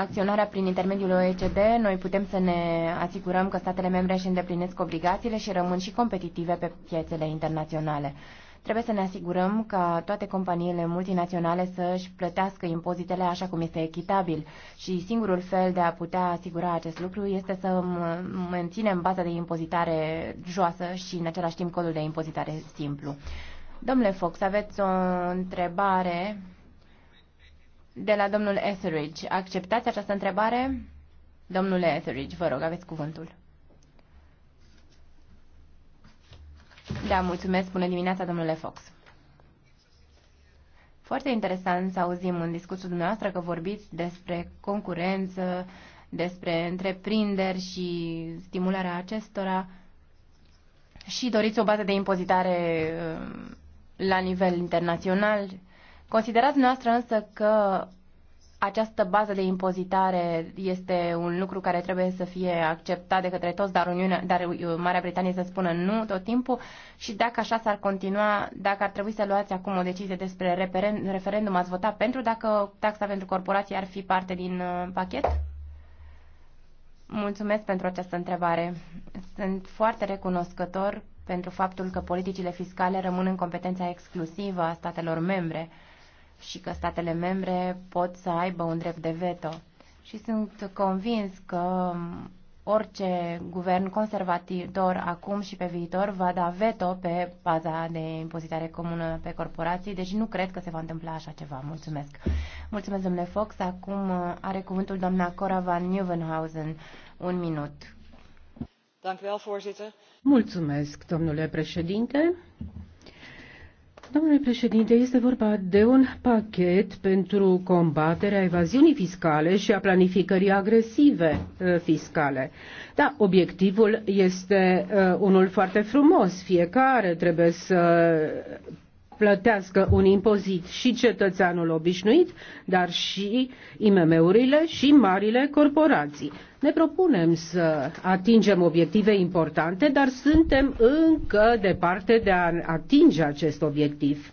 acționarea prin intermediul OECD, noi putem să ne asigurăm că statele membre își îndeplinesc obligațiile și rămân și competitive pe piețele internaționale. Trebuie să ne asigurăm ca toate companiile multinaționale să își plătească impozitele așa cum este echitabil și singurul fel de a putea asigura acest lucru este să menținem baza de impozitare joasă și în același timp codul de impozitare simplu. Domnule Fox, aveți o întrebare de la domnul Etheridge. Acceptați această întrebare? Domnule Etheridge, vă rog, aveți cuvântul. Da, mulțumesc. Bună dimineața, domnule Fox. Foarte interesant să auzim în discursul dumneavoastră că vorbiți despre concurență, despre întreprinderi și stimularea acestora și doriți o bază de impozitare uh, la nivel internațional. Considerați noastră însă că această bază de impozitare este un lucru care trebuie să fie acceptat de către toți, dar, Uniunea, dar uh, Marea Britanie să spună nu tot timpul și dacă așa s-ar continua, dacă ar trebui să luați acum o decizie despre referendum, ați vota pentru dacă taxa pentru corporații ar fi parte din uh, pachet? Mulțumesc pentru această întrebare. Sunt foarte recunoscător pentru faptul că politicile fiscale rămân în competența exclusivă a statelor membre și că statele membre pot să aibă un drept de veto. Și sunt convins că um, orice guvern conservator acum și pe viitor va da veto pe baza de impozitare comună pe corporații, deci nu cred că se va întâmpla așa ceva. Mulțumesc. Mulțumesc, domnule Fox. Acum uh, are cuvântul doamna Cora van Nieuwenhausen. Un minut. Mulțumesc, domnule președinte. Domnule președinte, este vorba de un pachet pentru combaterea evaziunii fiscale și a planificării agresive uh, fiscale. Da, obiectivul este uh, unul foarte frumos. Fiecare trebuie să plătească un impozit și cetățeanul obișnuit, dar și IMM-urile și marile corporații. Ne propunem să atingem obiective importante, dar suntem încă departe de a atinge acest obiectiv.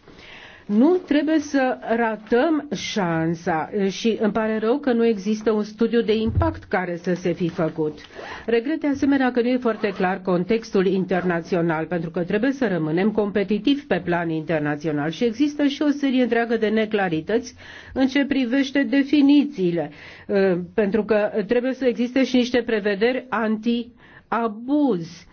Nu trebuie să ratăm șansa și îmi pare rău că nu există un studiu de impact care să se fi făcut. Regret de asemenea că nu e foarte clar contextul internațional, pentru că trebuie să rămânem competitivi pe plan internațional și există și o serie întreagă de neclarități în ce privește definițiile, uh, pentru că trebuie să existe și niște prevederi anti abuz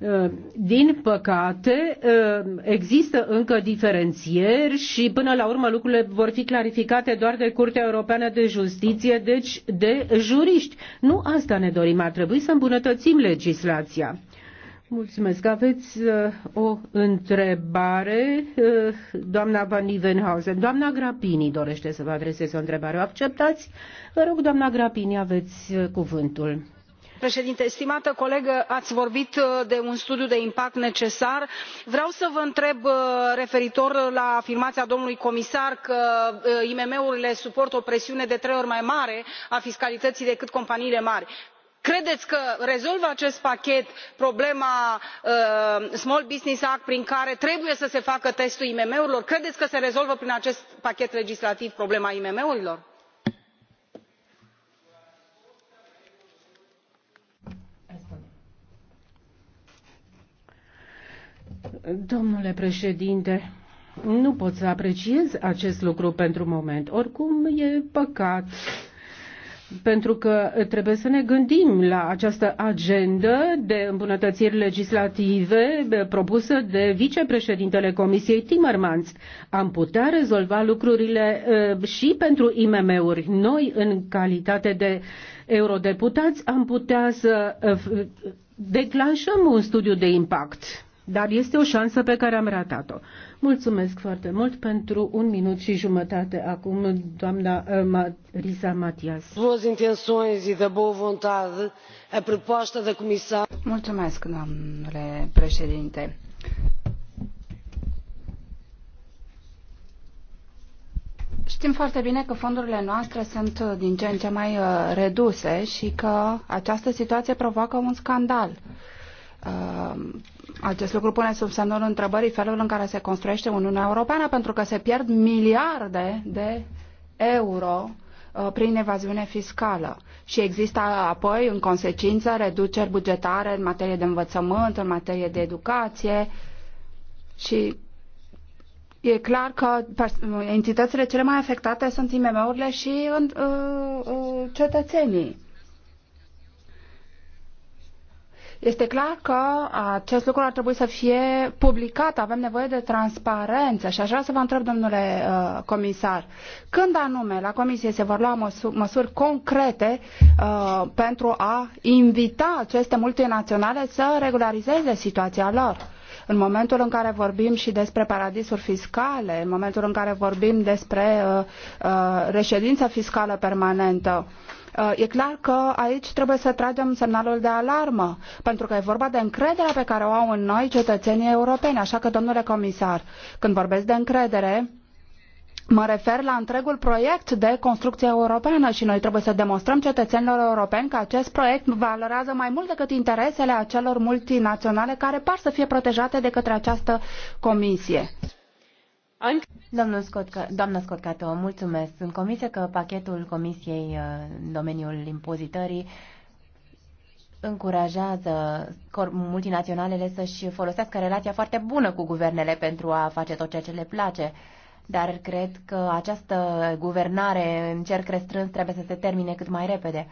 Eh, din păcate, eh, există încă diferențieri și până la urmă lucrurile vor fi clarificate doar de Curtea Europeană de Justiție, deci de juriști. Nu asta ne dorim, ar trebui să îmbunătățim legislația. Mulțumesc. Aveți eh, o întrebare, doamna Van Nivenhausen. Doamna Grapini dorește să vă adreseze o întrebare. O acceptați? Vă rog, doamna Grapini, aveți cuvântul președinte stimată colegă ați vorbit uh, de un studiu de impact necesar vreau să vă întreb uh, referitor la afirmația domnului comisar că uh, imm urile suportă o presiune de trei ori mai mare a fiscalității decât companiile mari credeți că rezolvă acest pachet problema small business act prin care trebuie să se facă testul imm urilor? credeți că se rezolvă prin acest pachet legislativ problema imm urilor? Domnule președinte, nu pot să apreciez acest lucru pentru moment. Oricum, e păcat pentru că trebuie să ne gândim la această agendă de îmbunătățiri legislative propusă de vicepreședintele Comisiei Timmermans. Am putea rezolva lucrurile eh, și pentru IMM-uri. Noi, în calitate de eurodeputați, am putea să eh, declanșăm un studiu de impact dar este o șansă pe care am ratat-o. Mulțumesc foarte mult pentru un minut și jumătate acum, doamna uh, Risa Matias. Vos intenções e da boa vontade, a proposta da Comissão. Mulțumesc, domnule președinte. Știm foarte bine că fondurile noastre sunt din ce în ce mai uh, reduse și că această situație provoacă un scandal. Uh, Um, acest lucru pune sub semnul întrebării felul în care se construiește Uniunea Europeană, pentru că se pierd miliarde de euro uh, prin evaziune fiscală și există apoi, în consecință, reduceri bugetare în materie de învățământ, în materie de educație și e clar că entitățile cele mai afectate sunt IMM-urile și în, în, uh, în, uh, cetățenii. Este clar că acest lucru ar trebui să fie publicat, avem nevoie de transparență și aș vrea să vă întreb, domnule uh, comisar, când anume la comisie se vor lua măsuri, măsuri concrete uh, pentru a invita aceste multinaționale să regularizeze situația lor? în momentul în care vorbim și despre paradisuri fiscale, în momentul în care vorbim despre uh, uh, reședință fiscală permanentă, Uh, e clar că aici trebuie să tragem semnalul de alarmă, pentru că e vorba de încrederea pe care o au în noi cetățenii europeni. Așa că, domnule comisar, când vorbesc de încredere, Mă refer la întregul proiect de construcție europeană și noi trebuie să demonstrăm cetățenilor europeni că acest proiect valorează mai mult decât interesele acelor multinaționale care par să fie protejate de către această comisie. Domnul Scott, doamna Scott Cato, mulțumesc. Sunt comisie că pachetul Comisiei uh, în domeniul impozitării încurajează multinaționalele să-și folosească relația foarte bună cu guvernele pentru a face tot ceea ce le place. Dar cred că această guvernare în cerc restrâns trebuie să se termine cât mai repede.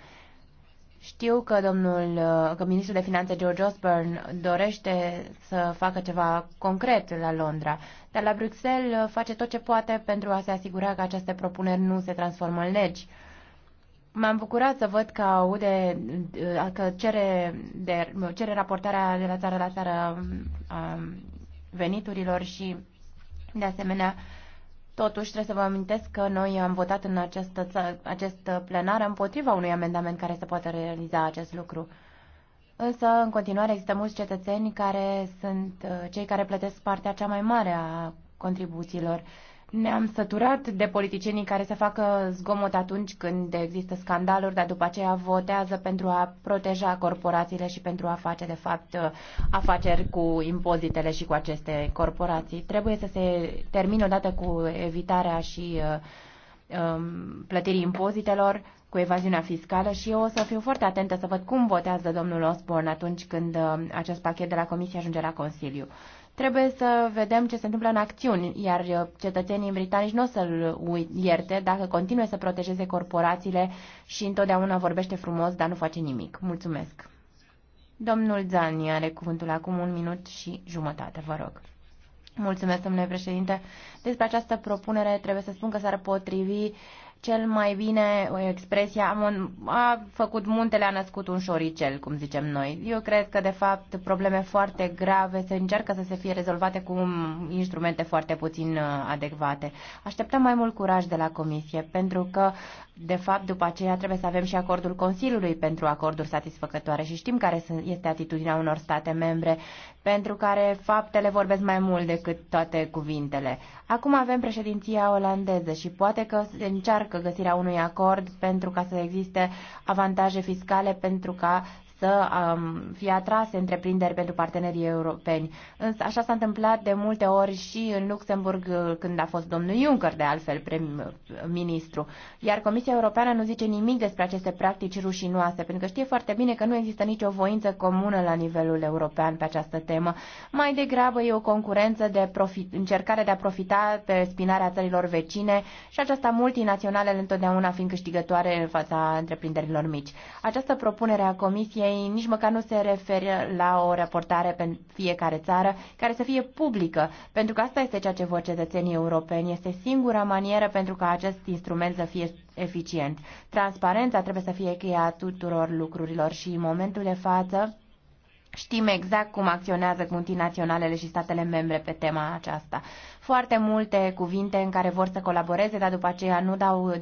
Știu că domnul, uh, că ministrul de finanțe George Osborne dorește să facă ceva concret la Londra, dar la Bruxelles uh, face tot ce poate pentru a se asigura că aceste propuneri nu se transformă în legi. M-am bucurat să văd că aude, uh, că cere, de, uh, cere raportarea de la țară la țară a um, um, veniturilor și, de asemenea, Totuși, trebuie să vă amintesc că noi am votat în această, acest plenar împotriva unui amendament care să poată realiza acest lucru. Însă, în continuare, există mulți cetățeni care sunt uh, cei care plătesc partea cea mai mare a contribuțiilor. Ne-am săturat de politicienii care se facă zgomot atunci când există scandaluri, dar după aceea votează pentru a proteja corporațiile și pentru a face, de fapt, uh, afaceri cu impozitele și cu aceste corporații. Trebuie să se termine odată cu evitarea și uh, um, plătirii impozitelor cu evaziunea fiscală și eu o să fiu foarte atentă să văd cum votează domnul Osborne atunci când uh, acest pachet de la Comisie ajunge la Consiliu. Trebuie să vedem ce se întâmplă în acțiuni, iar uh, cetățenii britanici nu o să-l ierte dacă continuă să protejeze corporațiile și întotdeauna vorbește frumos, dar nu face nimic. Mulțumesc. Domnul Zani are cuvântul acum un minut și jumătate, vă rog. Mulțumesc, domnule președinte. Despre această propunere trebuie să spun că s-ar potrivi uh, cel mai bine o expresia a făcut muntele, a născut un șoricel, cum zicem noi. Eu cred că, de fapt, probleme foarte grave se încearcă să se fie rezolvate cu instrumente foarte puțin uh, adecvate. Așteptăm mai mult curaj de la Comisie, pentru că, de fapt, după aceea trebuie să avem și acordul Consiliului pentru acorduri satisfăcătoare și știm care este atitudinea unor state membre, pentru care faptele vorbesc mai mult decât toate cuvintele. Acum avem președinția olandeză și poate că se încearcă găsirea unui acord pentru ca să existe avantaje fiscale pentru ca să um, fie atrase întreprinderi pentru partenerii europeni. Însă așa s-a întâmplat de multe ori și în Luxemburg uh, când a fost domnul Juncker, de altfel, prim-ministru. Uh, Iar Comisia Europeană nu zice nimic despre aceste practici rușinoase, pentru că știe foarte bine că nu există nicio voință comună la nivelul european pe această temă. Mai degrabă e o concurență de profit, încercare de a profita pe spinarea țărilor vecine și aceasta multinaționale întotdeauna fiind câștigătoare în fața întreprinderilor mici. Această propunere a Comisiei ei nici măcar nu se referă la o raportare pentru fiecare țară care să fie publică, pentru că asta este ceea ce vor cetățenii europeni. Este singura manieră pentru ca acest instrument să fie eficient. Transparența trebuie să fie cheia tuturor lucrurilor și în momentul de față Știm exact cum acționează multinaționalele și statele membre pe tema aceasta. Foarte multe cuvinte în care vor să colaboreze, dar după aceea nu dau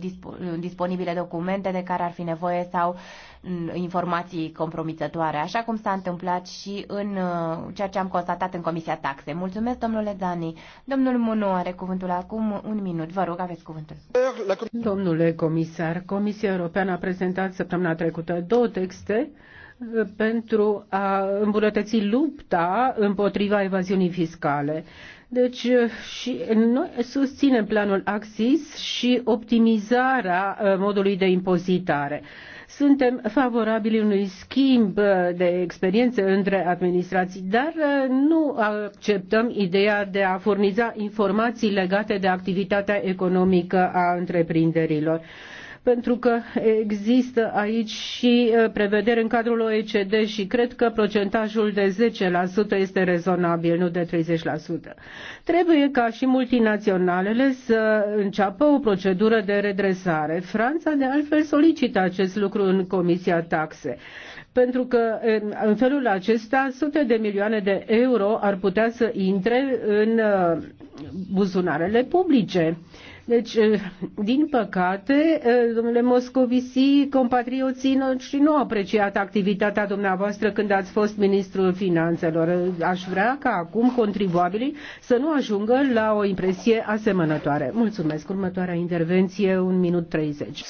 disponibile documente de care ar fi nevoie sau mm, informații compromițătoare, așa cum s-a întâmplat și în uh, ceea ce am constatat în Comisia Taxe. Mulțumesc, domnule Dani. Domnul Munu are cuvântul acum un minut. Vă rog, aveți cuvântul. Domnule comisar, Comisia Europeană a prezentat săptămâna trecută două texte pentru a îmbunătăți lupta împotriva evaziunii fiscale. Deci eh, și noi susținem planul Axis și optimizarea eh, modului de impozitare. Suntem favorabili unui schimb eh, de experiențe între administrații, dar nu acceptăm ideea de a furniza informații legate de activitatea economică a întreprinderilor pentru că există aici și uh, prevederi în cadrul OECD și cred că procentajul de 10% este rezonabil, nu de 30%. Trebuie ca și multinaționalele să înceapă o procedură de redresare. Franța, de altfel, solicită acest lucru în Comisia Taxe pentru că în felul acesta sute de milioane de euro ar putea să intre în uh, buzunarele publice. Deci, eh, din păcate, eh, domnule Moscovici, compatrioții noștri nu au apreciat activitatea dumneavoastră când ați fost ministrul finanțelor. Eh, aș vrea ca acum contribuabilii să nu ajungă la o impresie asemănătoare. Mulțumesc. Următoarea intervenție, un minut 30.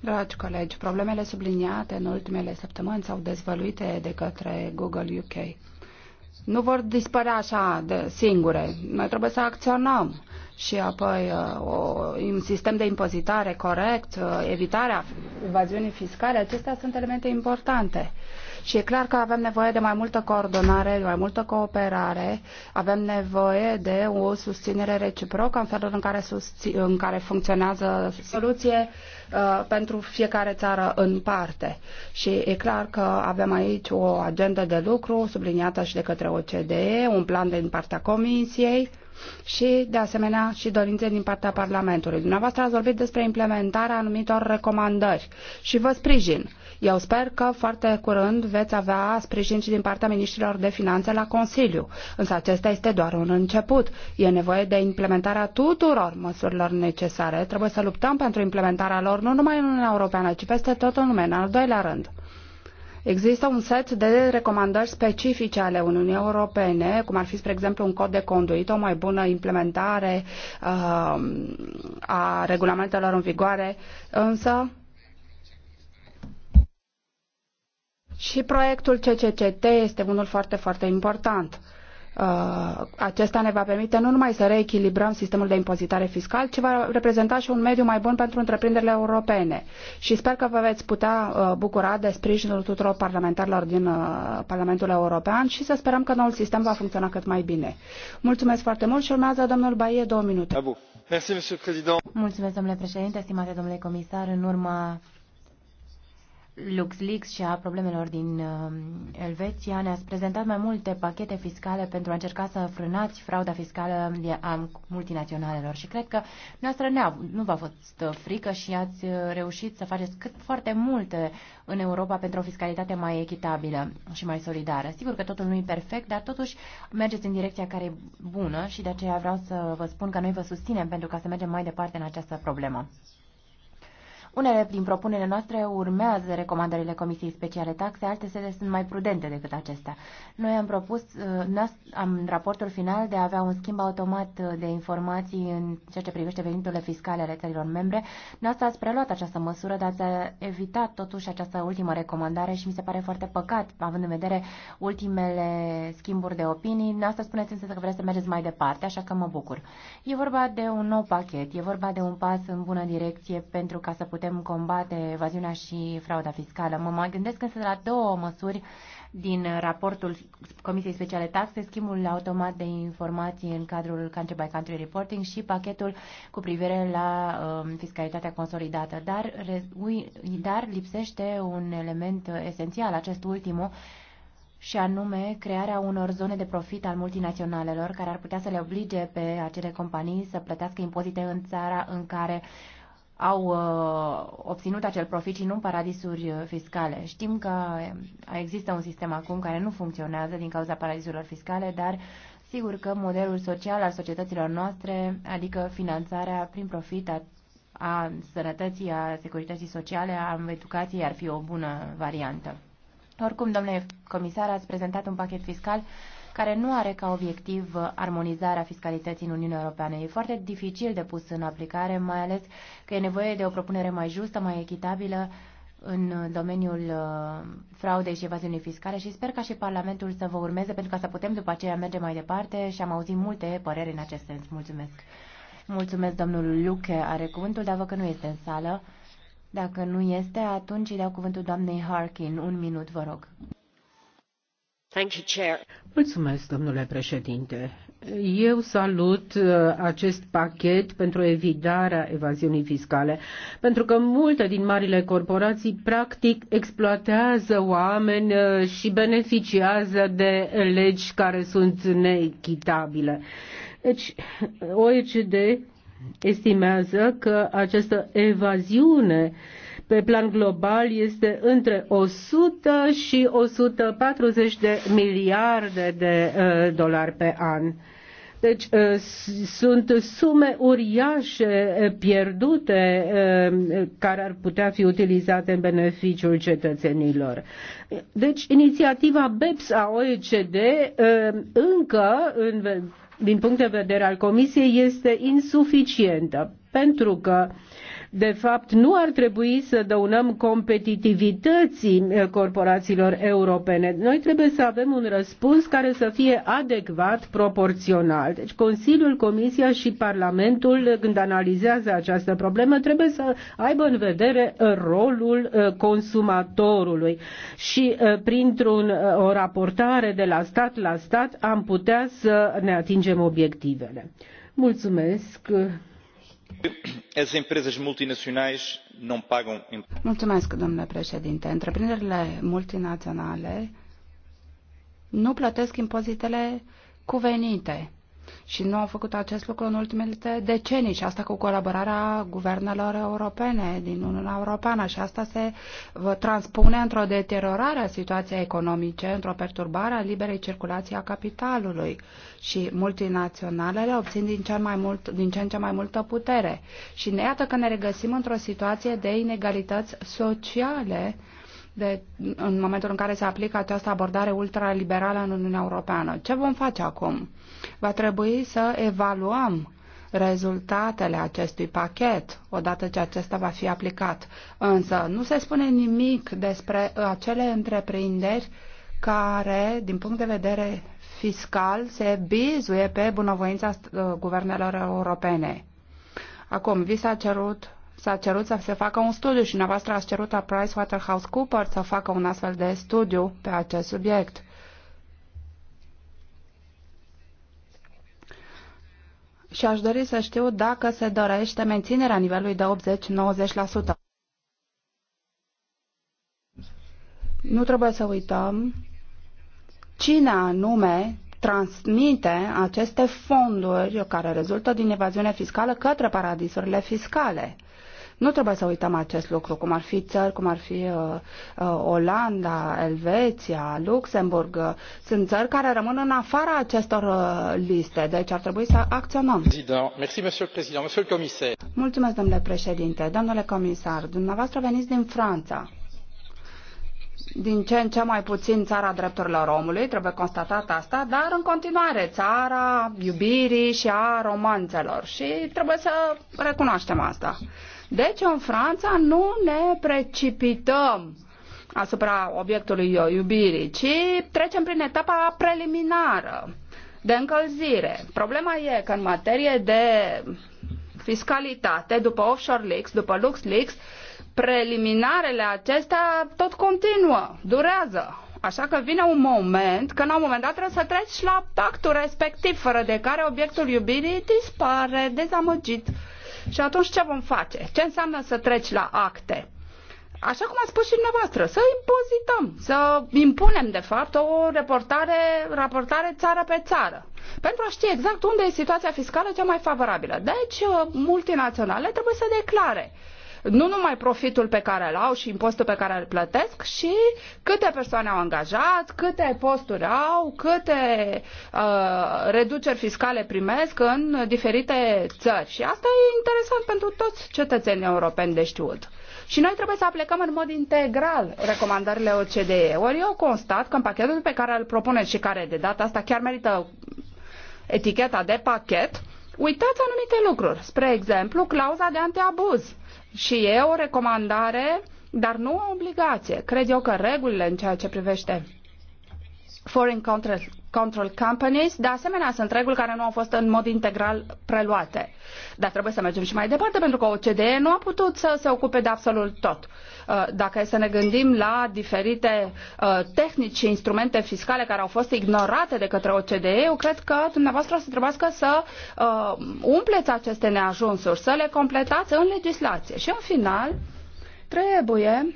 Dragi colegi, problemele subliniate în ultimele săptămâni s-au dezvăluite de către Google UK. Nu vor dispărea așa de singure. Noi trebuie să acționăm și apoi uh, o, un sistem de impozitare corect, uh, evitarea evaziunii fiscale, acestea sunt elemente importante. Și e clar că avem nevoie de mai multă coordonare, de mai multă cooperare, avem nevoie de o susținere reciprocă în felul în care, în care funcționează soluție uh, pentru fiecare țară în parte. Și e clar că avem aici o agendă de lucru subliniată și de către OCDE, un plan din partea Comisiei, și, de asemenea, și dorințe din partea Parlamentului. Dumneavoastră ați vorbit despre implementarea anumitor recomandări și vă sprijin. Eu sper că foarte curând veți avea sprijin și din partea ministrilor de finanțe la Consiliu. Însă acesta este doar un început. E nevoie de implementarea tuturor măsurilor necesare. Trebuie să luptăm pentru implementarea lor nu numai în Uniunea Europeană, ci peste tot în lume. În al doilea rând, Există un set de recomandări specifice ale Uniunii Europene, cum ar fi, spre exemplu, un cod de conduită, o mai bună implementare uh, a regulamentelor în vigoare, însă și proiectul CCCT este unul foarte, foarte important. Uh, Uh, acesta ne va permite nu numai să reechilibrăm sistemul de impozitare fiscal, ci va reprezenta și un mediu mai bun pentru întreprinderile europene. Și sper că vă veți putea uh, bucura de sprijinul tuturor parlamentarilor din uh, Parlamentul European și să sperăm că noul sistem va funcționa cât mai bine. Mulțumesc foarte mult și urmează domnul Baie două minute. Mulțumesc, domnule președinte, stimate domnule comisar. În urma LuxLeaks și a problemelor din uh, Elveția, ne-ați prezentat mai multe pachete fiscale pentru a încerca să frânați frauda fiscală a multinaționalelor și cred că noastră nu v-a fost uh, frică și ați uh, reușit să faceți cât foarte multe în Europa pentru o fiscalitate mai echitabilă și mai solidară. Sigur că totul nu e perfect, dar totuși mergeți în direcția care e bună și de aceea vreau să vă spun că noi vă susținem pentru ca să mergem mai departe în această problemă. Unele din propunerile noastre urmează recomandările Comisiei Speciale Taxe, altele sunt mai prudente decât acestea. Noi am propus în uh, raportul final de a avea un schimb automat uh, de informații în ceea ce privește veniturile fiscale ale țărilor membre. Noastră ați preluat această măsură, dar ați evitat totuși această ultimă recomandare și mi se pare foarte păcat, având în vedere ultimele schimburi de opinii. Noastră spuneți însă că vreți să mergeți mai departe, așa că mă bucur. E vorba de un nou pachet, e vorba de un pas în bună direcție pentru ca să putem putem combate evaziunea și frauda fiscală. Mă mai gândesc însă la două măsuri din raportul Comisiei Speciale Taxe, schimbul automat de informații în cadrul Country by Country Reporting și pachetul cu privire la um, fiscalitatea consolidată. Dar, ui, dar lipsește un element esențial, acest ultimul, și anume crearea unor zone de profit al multinaționalelor care ar putea să le oblige pe acele companii să plătească impozite în țara în care uh, au uh, obținut acel profit și nu în paradisuri uh, fiscale. Știm că există un sistem acum care nu funcționează din cauza paradisurilor fiscale, dar sigur că modelul social al societăților noastre, adică finanțarea prin profit a, a sănătății, a securității sociale, a educației, ar fi o bună variantă. Oricum, domnule comisar, ați prezentat un pachet fiscal care nu are ca obiectiv uh, armonizarea fiscalității în Uniunea Europeană. E foarte dificil de pus în aplicare, mai ales că e nevoie de o propunere mai justă, mai echitabilă în uh, domeniul uh, fraudei și evaziunii fiscale și sper ca și Parlamentul să vă urmeze pentru ca să putem după aceea merge mai departe și am auzit multe păreri în acest sens. Mulțumesc! Mulțumesc, domnul Luche are cuvântul, dar văd că nu este în sală. Dacă nu este, atunci îi dau cuvântul doamnei Harkin. Un minut, vă rog. Mulțumesc, domnule președinte. Eu salut uh, acest pachet pentru evitarea evaziunii fiscale, pentru că multe din marile corporații practic exploatează oameni uh, și beneficiază de legi care sunt neechitabile. Deci, OECD estimează că această evaziune pe plan global este între 100 și 140 de miliarde de uh, dolari pe an. Deci uh, sunt sume uriașe uh, pierdute care ar putea fi utilizate în beneficiul cetățenilor. Deci inițiativa BEPS a OECD încă în din punct de vedere al Comisiei, este insuficientă, pentru că de fapt nu ar trebui să dăunăm competitivității eh, corporațiilor europene. Noi trebuie să avem un răspuns care să fie adecvat, proporțional. Deci Consiliul, Comisia și Parlamentul, eh, când analizează această problemă, trebuie să aibă în vedere eh, rolul consumatorului și printr-un o raportare de la stat la stat am putea să ne atingem obiectivele. Mulțumesc Mulțumesc, domnule președinte. Întreprinderile multinaționale nu plătesc impozitele cuvenite și nu au făcut acest lucru în ultimele decenii și asta cu colaborarea guvernelor europene din Uniunea Europeană și asta se transpune într-o deteriorare a situației economice, într-o perturbare a liberei circulații a capitalului și multinaționalele obțin din ce, mai mult, din ce în ce mai multă putere. Și ne iată că ne regăsim într-o situație de inegalități sociale de, în momentul în care se aplică această abordare ultraliberală în Uniunea Europeană. Ce vom face acum? Va trebui să evaluăm rezultatele acestui pachet odată ce acesta va fi aplicat. Însă nu se spune nimic despre acele întreprinderi care, din punct de vedere fiscal, se bizuie pe bunăvoința uh, guvernelor europene. Acum, vi s-a cerut s-a cerut să se facă un studiu și dumneavoastră ați cerut la PricewaterhouseCoopers să facă un astfel de studiu pe acest subiect. Și aș dori să știu dacă se dorește menținerea nivelului de 80-90%. Nu trebuie să uităm cine anume transmite aceste fonduri care rezultă din evaziune fiscală către paradisurile fiscale. Nu trebuie să uităm acest lucru, cum ar fi țări, cum ar fi uh, uh, Olanda, Elveția, Luxemburg. Uh, sunt țări care rămân în afara acestor uh, liste, deci ar trebui să acționăm. Mulțumesc, domnule președinte. Domnule comisar, dumneavoastră veniți din Franța din ce în ce mai puțin țara drepturilor omului, trebuie constatat asta, dar în continuare țara iubirii și a romanțelor și trebuie să recunoaștem asta. Deci în Franța nu ne precipităm asupra obiectului iubirii, ci trecem prin etapa preliminară de încălzire. Problema e că în materie de fiscalitate, după Offshore Leaks, după Lux Leaks, preliminarele acestea tot continuă, durează. Așa că vine un moment că la un moment dat trebuie să treci la pactul respectiv, fără de care obiectul iubirii dispare dezamăgit și atunci ce vom face? Ce înseamnă să treci la acte? Așa cum a spus și dumneavoastră, să impozităm, să impunem, de fapt, o reportare, raportare țară pe țară, pentru a ști exact unde e situația fiscală cea mai favorabilă. Deci, multinaționale trebuie să declare uh, nu numai profitul pe care îl au și impostul pe care îl plătesc, și câte persoane au angajat, câte posturi au, câte uh, reduceri fiscale primesc în diferite țări. Și asta e interesant pentru toți cetățenii europeni de știut. Și noi trebuie să aplicăm în mod integral recomandările OCDE. Ori eu constat că în pachetul pe care îl propuneți și care de data asta chiar merită eticheta de pachet, uitați anumite lucruri. Spre exemplu, clauza de antiabuz și e o recomandare, dar nu o obligație. Cred eu că regulile în ceea ce privește Foreign Control, Control Companies. De asemenea, sunt reguli care nu au fost în mod integral preluate. Dar trebuie să mergem și mai departe, pentru că OCDE nu a putut să se ocupe de absolut tot. Uh, dacă e să ne gândim la diferite uh, tehnici și instrumente fiscale care au fost ignorate de către OCDE, eu cred că dumneavoastră o să trebuiască să uh, umpleți aceste neajunsuri, să le completați în legislație. Și în final, trebuie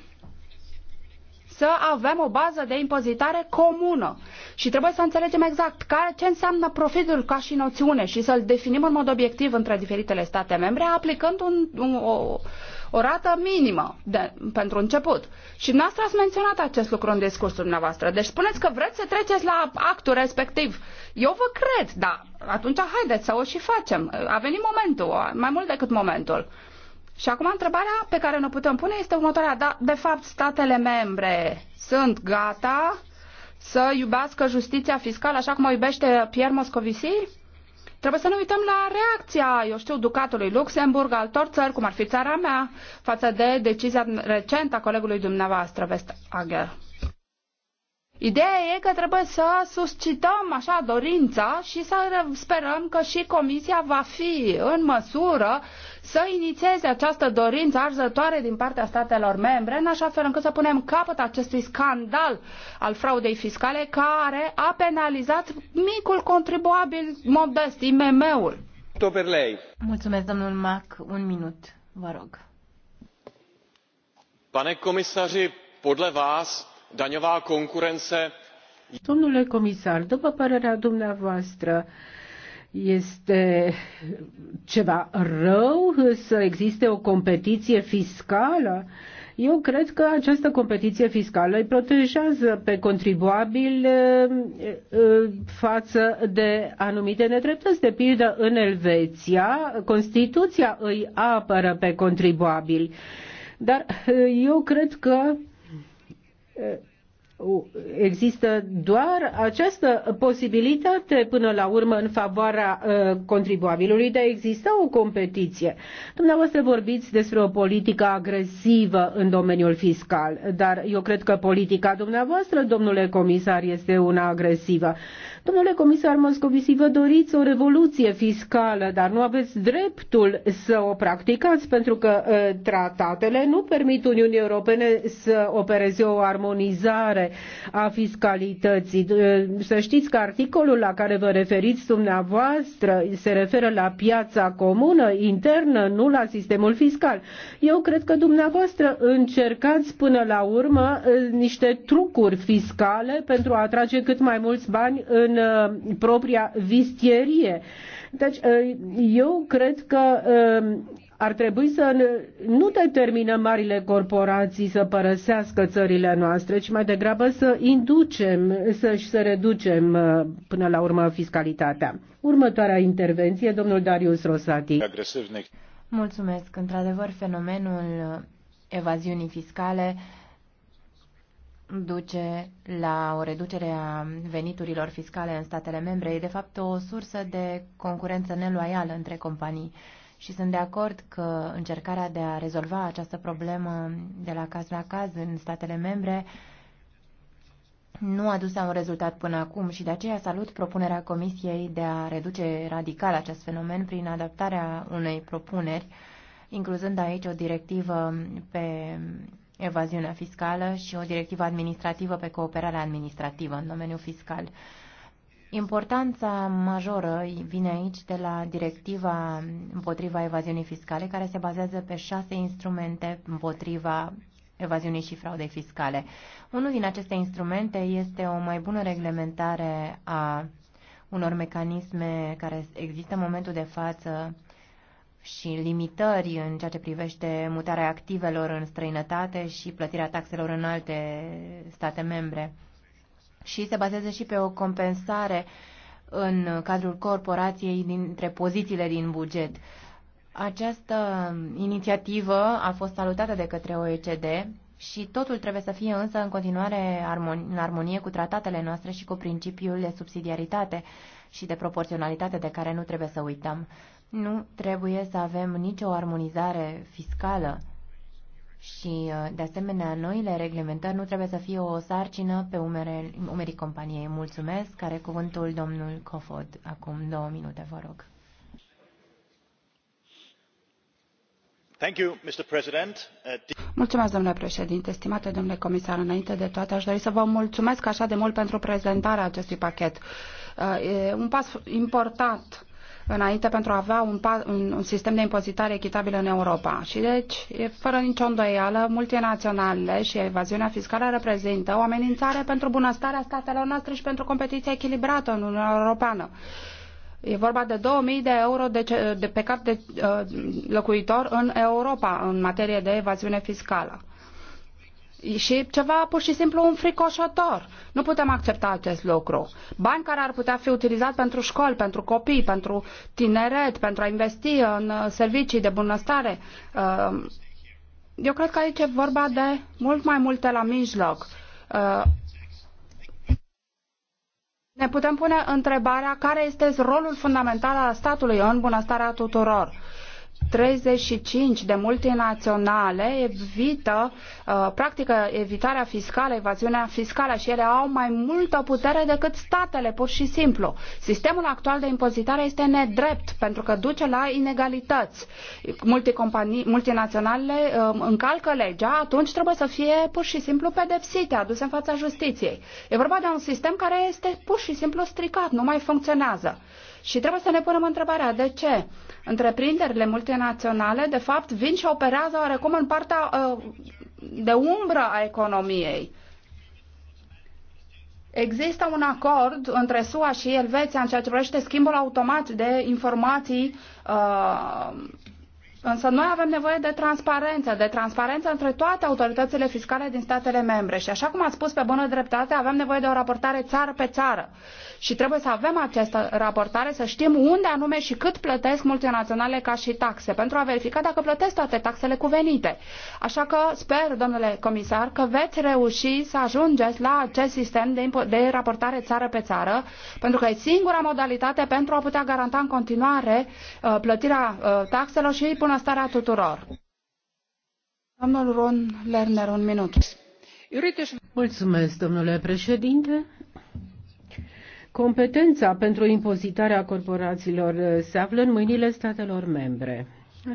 să avem o bază de impozitare comună. Și trebuie să înțelegem exact care, ce înseamnă profitul ca și noțiune și să-l definim în mod obiectiv între diferitele state membre, aplicând un, un, o, o rată minimă de, pentru început. Și noastră ați menționat acest lucru în discursul dumneavoastră. Deci spuneți că vreți să treceți la actul respectiv. Eu vă cred, dar atunci haideți să o și facem. A venit momentul, mai mult decât momentul. Și acum întrebarea pe care ne putem pune este următoarea. Da, de fapt, statele membre sunt gata să iubească justiția fiscală așa cum o iubește Pierre Moscovici? Trebuie să ne uităm la reacția, eu știu, ducatului Luxemburg, altor țări, cum ar fi țara mea, față de decizia recentă a colegului dumneavoastră, Vestager. Ideea e că trebuie să suscităm așa dorința și să sperăm că și Comisia va fi în măsură să inițieze această dorință arzătoare din partea statelor membre, în așa fel încât să punem capăt acestui scandal al fraudei fiscale care a penalizat micul contribuabil modest, IMM-ul. Mulțumesc, domnul Mac. Un minut, vă rog. Pane comisari, podle vás daňová konkurence Domnule comisar, după părerea dumneavoastră, este ceva rău să existe o competiție fiscală? Eu cred că această competiție fiscală îi protejează pe contribuabil eh, eh, față de anumite nedreptăți. De pildă, în Elveția, Constituția îi apără pe contribuabil. Dar eh, eu cred că există doar această posibilitate până la urmă în favoarea uh, contribuabilului de a exista o competiție. Dumneavoastră vorbiți despre o politică agresivă în domeniul fiscal, dar eu cred că politica dumneavoastră, domnule comisar, este una agresivă. Domnule comisar Moscovici, vă doriți o revoluție fiscală, dar nu aveți dreptul să o practicați pentru că uh, tratatele nu permit Uniunii Europene să opereze o armonizare a fiscalității. Să știți că articolul la care vă referiți dumneavoastră se referă la piața comună internă, nu la sistemul fiscal. Eu cred că dumneavoastră încercați până la urmă niște trucuri fiscale pentru a atrage cât mai mulți bani în propria vistierie. Deci eu cred că ar trebui să nu determinăm marile corporații să părăsească țările noastre, ci mai degrabă să inducem să și să reducem uh, până la urmă fiscalitatea. Următoarea intervenție, domnul Darius Rosati. Mulțumesc. Într-adevăr, fenomenul evaziunii fiscale duce la o reducere a veniturilor fiscale în statele membre. E de fapt o sursă de concurență neloială între companii. Și sunt de acord că încercarea de a rezolva această problemă de la caz la caz în statele membre nu a dus la un rezultat până acum și de aceea salut propunerea Comisiei de a reduce radical acest fenomen prin adaptarea unei propuneri, incluzând aici o directivă pe evaziunea fiscală și o directivă administrativă pe cooperarea administrativă în domeniul fiscal. Importanța majoră vine aici de la directiva împotriva evaziunii fiscale, care se bazează pe șase instrumente împotriva evaziunii și fraudei fiscale. Unul din aceste instrumente este o mai bună reglementare a unor mecanisme care există în momentul de față și limitări în ceea ce privește mutarea activelor în străinătate și plătirea taxelor în alte state membre și se bazează și pe o compensare în cadrul corporației dintre pozițiile din buget. Această inițiativă a fost salutată de către OECD și totul trebuie să fie însă în continuare în armonie cu tratatele noastre și cu principiul de subsidiaritate și de proporționalitate de care nu trebuie să uităm. Nu trebuie să avem nicio armonizare fiscală și, uh, de asemenea, noile reglementări nu trebuie să fie o sarcină pe umere, umerii companiei. Mulțumesc. Care cuvântul domnul Cofod? Acum două minute, vă rog. Uh, mulțumesc, domnule președinte stimate domnule comisar înainte de toate aș dori să vă mulțumesc așa de mult pentru prezentarea acestui pachet. Uh, e un pas important înainte pentru a avea un, un, un sistem de impozitare echitabil în Europa. Și deci, e fără nicio îndoială, multinaționalele și evaziunea fiscală reprezintă o amenințare pentru bunăstarea statelor noastre și pentru competiția echilibrată în Uniunea Europeană. E vorba de 2000 de euro de, ce, de pe cap de uh, locuitor în Europa în materie de evaziune fiscală și ceva pur și simplu fricoșător. Nu putem accepta acest lucru. Bani care ar putea fi utilizat pentru școli, pentru copii, pentru tineret, pentru a investi în uh, servicii de bunăstare. Uh, eu cred că aici e vorba de mult mai multe la mijloc. Uh, ne putem pune întrebarea care este rolul fundamental al statului în bunăstarea tuturor 35 de multinaționale evită, uh, practică evitarea fiscală, evaziunea fiscală și ele au mai multă putere decât statele, pur și simplu. Sistemul actual de impozitare este nedrept pentru că duce la inegalități. Multinaționalele uh, încalcă legea, atunci trebuie să fie pur și simplu pedepsite, aduse în fața justiției. E vorba de un sistem care este pur și simplu stricat, nu mai funcționează. Și trebuie să ne punem întrebarea de ce întreprinderile multinaționale, de fapt, vin și operează oarecum în partea uh, de umbră a economiei. Există un acord între SUA și Elveția în ceea ce privește schimbul automat de informații uh, Însă noi avem nevoie de transparență, de transparență între toate autoritățile fiscale din statele membre. Și așa cum ați spus pe bună dreptate, avem nevoie de o raportare țară pe țară. Și trebuie să avem această raportare, să știm unde anume și cât plătesc multinaționale ca și taxe, pentru a verifica dacă plătesc toate taxele cuvenite. Așa că sper, domnule comisar, că veți reuși să ajungeți la acest sistem de, de raportare țară pe țară, pentru că e singura modalitate pentru a putea garanta în continuare uh, plătirea uh, taxelor și până bunăstarea tuturor. Domnul Ron Lerner, un minut. Mulțumesc, domnule președinte. Competența pentru impozitarea corporațiilor se află în mâinile statelor membre.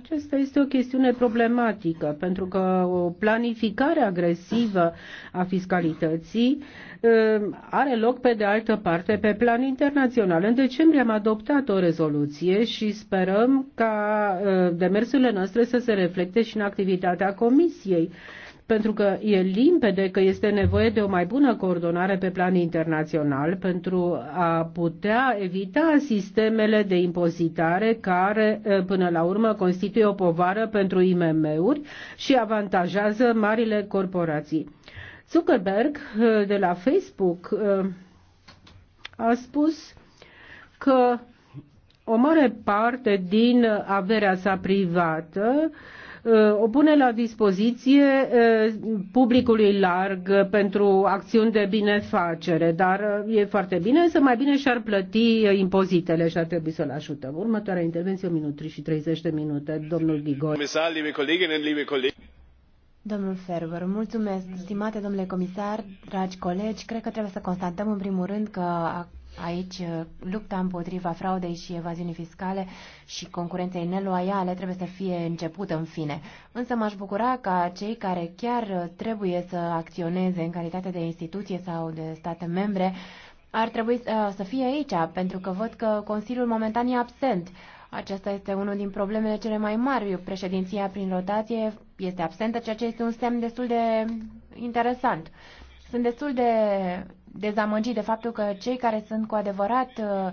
Aceasta este o chestiune problematică, pentru că o planificare agresivă a fiscalității Ehm, are loc pe de altă parte pe plan internațional. În decembrie am adoptat o rezoluție și sperăm ca ehm, demersurile noastre să se reflecte și în activitatea Comisiei pentru că e limpede că este nevoie de o mai bună coordonare pe plan internațional pentru a putea evita sistemele de impozitare care ehm, până la urmă constituie o povară pentru IMM-uri și avantajează marile corporații. Zuckerberg eh, de la Facebook eh, a spus că o mare parte din averea sa privată eh, o pune la dispoziție publicului larg pentru acțiuni de binefacere, dar e foarte bine să mai bine și-ar plăti impozitele și ar trebui să-l ajutăm. Următoarea intervenție, un minut și 30 de minute, domnul Gigoi. Domnul Ferber, mulțumesc. Stimate domnule comisar, dragi colegi, cred că trebuie să constatăm în primul rând că aici uh, lupta împotriva fraudei și evaziunii fiscale și concurenței neloiale trebuie să fie începută în fine. Însă m-aș bucura ca cei care chiar uh, trebuie să acționeze în calitate de instituție sau de state membre ar trebui uh, să fie aici, pentru că văd că Consiliul momentan e absent. Aceasta este unul din problemele cele mai mari. Președinția prin rotație este absentă, ceea ce este un semn destul de interesant. Sunt destul de dezamăgit de faptul că cei care sunt cu adevărat uh,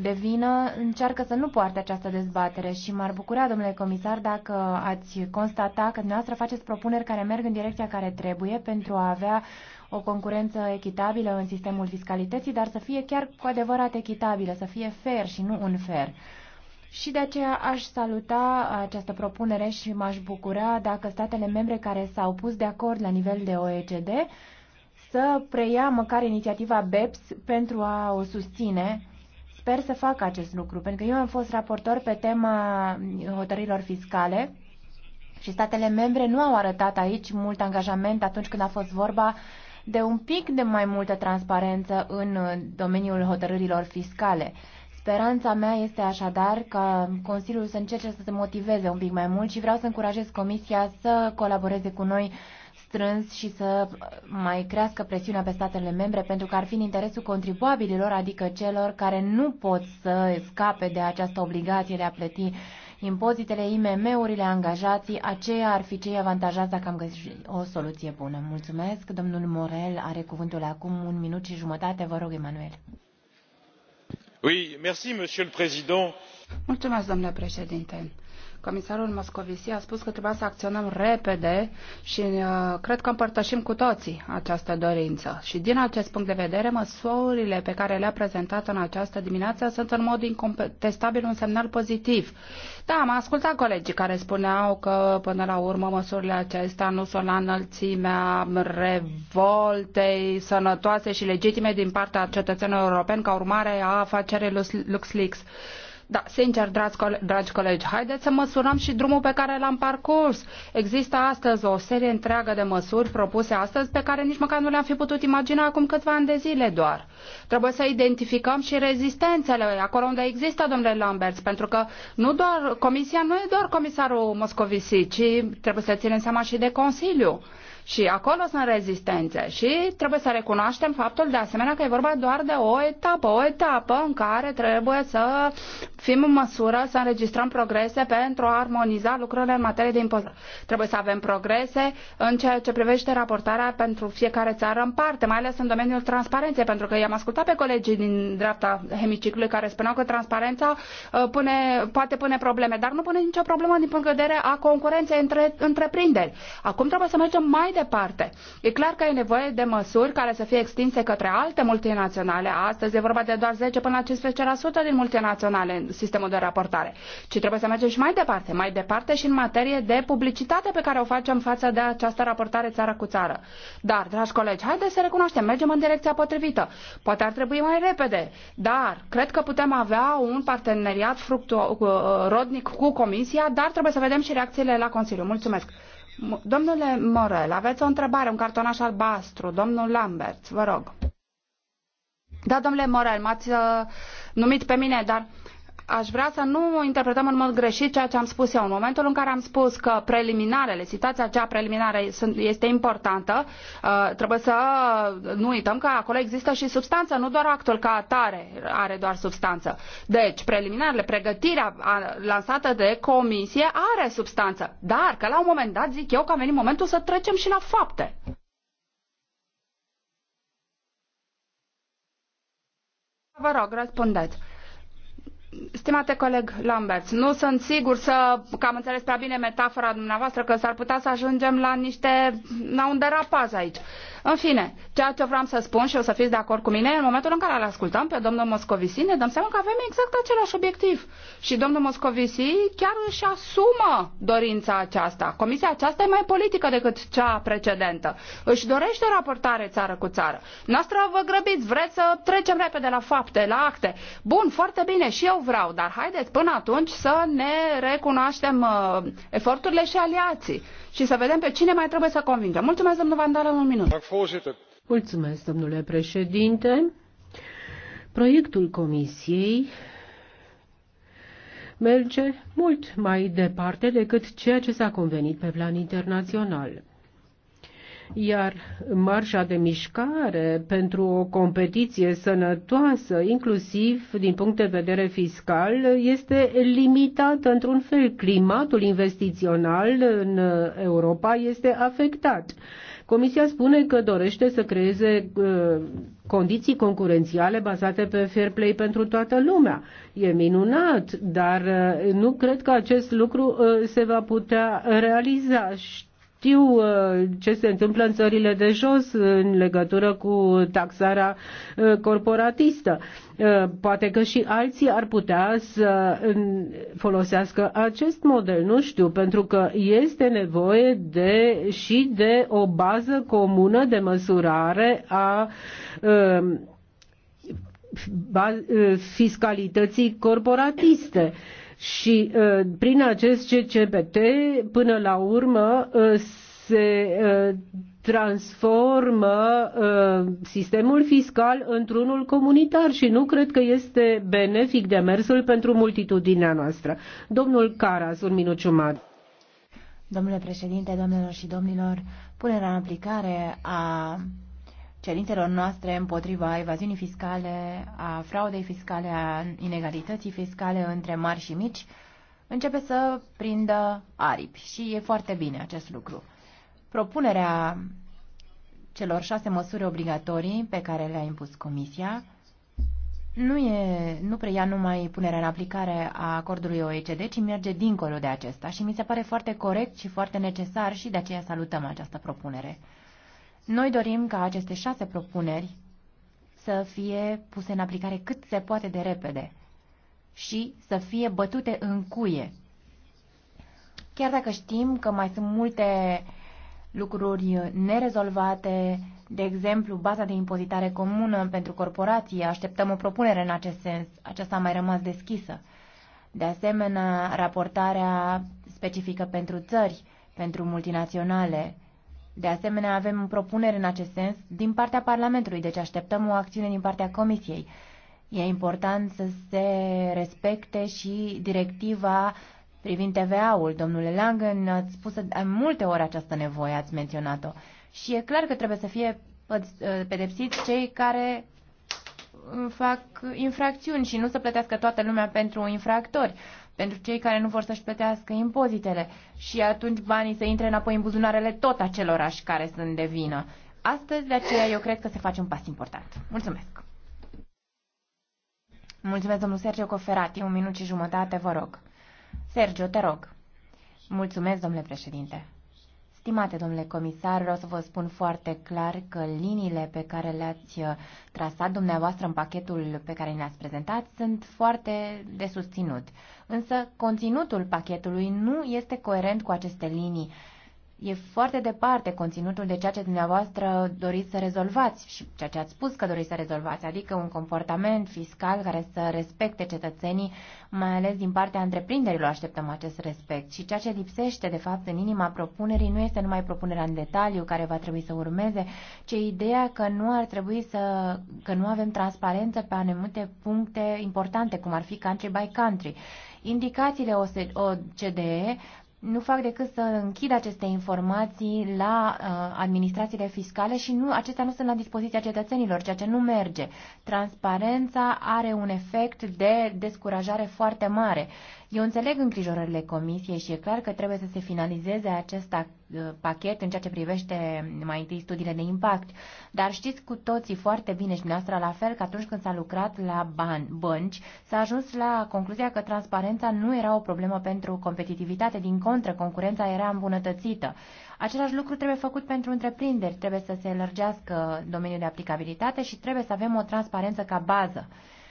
de vină încearcă să nu poarte această dezbatere și m-ar bucura, domnule comisar, dacă ați constata că dumneavoastră faceți propuneri care merg în direcția care trebuie pentru a avea o concurență echitabilă în sistemul fiscalității, dar să fie chiar cu adevărat echitabilă, să fie fair și nu unfair. Și de aceea aș saluta această propunere și m-aș bucura dacă statele membre care s-au pus de acord la nivel de OECD să preia măcar inițiativa BEPS pentru a o susține. Sper să fac acest lucru, pentru că eu am fost raportor pe tema uh, hotărârilor fiscale și statele membre nu au arătat aici mult angajament atunci când a fost vorba de un pic de mai multă transparență în uh, domeniul hotărârilor fiscale. Speranța mea este așadar ca Consiliul să încerce să se motiveze un pic mai mult și vreau să încurajez Comisia să colaboreze cu noi strâns și să mai crească presiunea pe statele membre pentru că ar fi în interesul contribuabililor, adică celor care nu pot să scape de această obligație de a plăti impozitele, IMM-urile, angajații, aceia ar fi cei avantajați dacă am găsit o soluție bună. Mulțumesc. Domnul Morel are cuvântul acum un minut și jumătate. Vă rog, Emanuel domnule președinte Comisarul Moscovici a spus că trebuia să acționăm repede și uh, cred că împărtășim cu toții această dorință. Și din acest punct de vedere, măsurile pe care le-a prezentat în această dimineață sunt în mod incontestabil un semnal pozitiv. Da, am ascultat colegii care spuneau că până la urmă măsurile acestea nu sunt la înălțimea revoltei sănătoase și legitime din partea cetățenilor europeni ca urmare a afacerii LuxLeaks. Lux da, sincer, dragi, dragi colegi, haideți să măsurăm și drumul pe care l-am parcurs. Există astăzi o serie întreagă de măsuri propuse astăzi pe care nici măcar nu le-am fi putut imagina acum câțiva ani de zile doar. Trebuie să identificăm și rezistențele acolo unde există, domnule Lamberts, pentru că nu doar Comisia nu e doar comisarul Moscovici, ci trebuie să ținem seama și de Consiliu. Și acolo sunt rezistențe și trebuie să recunoaștem faptul de asemenea că e vorba doar de o etapă, o etapă în care trebuie să fim în măsură să înregistrăm progrese pentru a armoniza lucrurile în materie de impozit. Trebuie să avem progrese în ceea ce privește raportarea pentru fiecare țară în parte, mai ales în domeniul transparenței, pentru că i-am ascultat pe colegii din dreapta hemiciclului care spuneau că transparența uh, pune, poate pune probleme, dar nu pune nicio problemă din punct de vedere a concurenței între întreprinderi. Acum trebuie să mergem mai de departe, e clar că e nevoie de măsuri care să fie extinse către alte multinaționale. Astăzi e vorba de doar 10 până la 15% din multinaționale în sistemul de raportare. Ci trebuie să mergem și mai departe, mai departe și în materie de publicitate pe care o facem față de această raportare țară cu țară. Dar, dragi colegi, haideți să recunoaștem, mergem în direcția potrivită. Poate ar trebui mai repede, dar cred că putem avea un parteneriat fructu- uh, rodnic cu Comisia, dar trebuie să vedem și reacțiile la Consiliu. Mulțumesc! Domnule Morel, aveți o întrebare, un cartonaș albastru. Domnul Lambert, vă rog. Da, domnule Morel, m-ați uh, numit pe mine, dar aș vrea să nu interpretăm în mod greșit ceea ce am spus eu. În momentul în care am spus că preliminarele, situația aceea preliminară este importantă, uh, trebuie să nu uităm că acolo există și substanță, nu doar actul ca atare are doar substanță. Deci, preliminarele, pregătirea lansată de comisie are substanță, dar că la un moment dat zic eu că a venit momentul să trecem și la fapte. Vă rog, răspundeți. Stimate coleg Lamberts, nu sunt sigur să, că am înțeles prea bine metafora dumneavoastră, că s-ar putea să ajungem la niște, la un derapaj aici. În fine, ceea ce vreau să spun și o să fiți de acord cu mine, în momentul în care îl ascultăm pe domnul Moscovici, ne dăm seama că avem exact același obiectiv. Și domnul Moscovici chiar își asumă dorința aceasta. Comisia aceasta e mai politică decât cea precedentă. Își dorește o raportare țară cu țară. Noastră vă grăbiți, vreți să trecem repede la fapte, la acte. Bun, foarte bine, și eu vreau, dar haideți până atunci să ne recunoaștem uh, eforturile și aliații și să vedem pe cine mai trebuie să convingem. Mulțumesc, domnul Vandală, un minut. Mulțumesc, domnule președinte. Proiectul Comisiei merge mult mai departe decât ceea ce s-a convenit pe plan internațional iar marja de mișcare pentru o competiție sănătoasă, inclusiv din punct de vedere fiscal, este limitată într-un fel. Climatul investițional în Europa este afectat. Comisia spune că dorește să creeze uh, condiții concurențiale bazate pe fair play pentru toată lumea. E minunat, dar uh, nu cred că acest lucru uh, se va putea realiza știu uh, ce se întâmplă în țările de jos în legătură cu taxarea uh, corporatistă. Uh, poate că și alții ar putea să mm, folosească acest model, nu știu, pentru că este nevoie de, și de o bază comună de măsurare a fiscalității corporatiste. Și uh, prin acest CCPT, până la urmă, uh, se uh, transformă sistemul fiscal într-unul comunitar și nu cred că este benefic demersul pentru multitudinea noastră. Domnul Caras, un minut jumat. Domnule președinte, domnilor și domnilor, punerea în aplicare a cerințelor noastre împotriva evaziunii fiscale, a fraudei fiscale, a inegalității fiscale între mari și mici, începe să prindă aripi și e foarte bine acest lucru. Propunerea celor șase măsuri obligatorii pe care le-a impus Comisia nu, e, nu preia numai punerea în aplicare a acordului OECD, ci merge dincolo de acesta și mi se pare foarte corect și foarte necesar și de aceea salutăm această propunere. Noi dorim ca aceste șase propuneri să fie puse în aplicare cât se poate de repede și să fie bătute în cuie. Chiar dacă știm că mai sunt multe lucruri nerezolvate, de exemplu, baza de impozitare comună pentru corporații, așteptăm o propunere în acest sens, aceasta a mai rămas deschisă. De asemenea, raportarea specifică pentru țări, pentru multinaționale, de asemenea, avem propuneri în acest sens din partea Parlamentului, deci așteptăm o acțiune din partea Comisiei. E important să se respecte și directiva privind TVA-ul. Domnule Langen, ați spus de multe ori această nevoie, ați menționat-o. Și e clar că trebuie să fie pedepsiți cei care fac infracțiuni și nu să plătească toată lumea pentru infractori pentru cei care nu vor să-și plătească impozitele și atunci banii să intre înapoi în buzunarele tot acelorași care sunt de vină. Astăzi, de aceea, eu cred că se face un pas important. Mulțumesc! Mulțumesc, domnul Sergio Coferati. Un minut și jumătate, vă rog. Sergio, te rog. Mulțumesc, domnule președinte. Stimate domnule comisar, vreau să vă spun foarte clar că liniile pe care le-ați uh, trasat dumneavoastră în pachetul pe care ne-ați prezentat sunt foarte de susținut. Însă conținutul pachetului nu este coerent cu aceste linii E foarte departe conținutul de ceea ce dumneavoastră doriți să rezolvați și ceea ce ați spus că doriți să rezolvați, adică un comportament fiscal care să respecte cetățenii, mai ales din partea întreprinderilor așteptăm acest respect. Și ceea ce lipsește, de fapt, în inima propunerii nu este numai propunerea în detaliu care va trebui să urmeze, ci ideea că nu ar trebui să, că nu avem transparență pe anumite puncte importante, cum ar fi country by country. Indicațiile OCDE nu fac decât să închid aceste informații la uh, administrațiile fiscale și nu, acestea nu sunt la dispoziția cetățenilor, ceea ce nu merge. Transparența are un efect de descurajare foarte mare eu înțeleg îngrijorările comisiei și e clar că trebuie să se finalizeze acest pachet în ceea ce privește mai întâi studiile de impact, dar știți cu toții foarte bine și dumneavoastră la fel că atunci când s-a lucrat la ban, bănci, s-a ajuns la concluzia că transparența nu era o problemă pentru competitivitate, din contră, concurența era îmbunătățită. Același lucru trebuie făcut pentru întreprinderi, trebuie să se lărgească domeniul de aplicabilitate și trebuie să avem o transparență ca bază.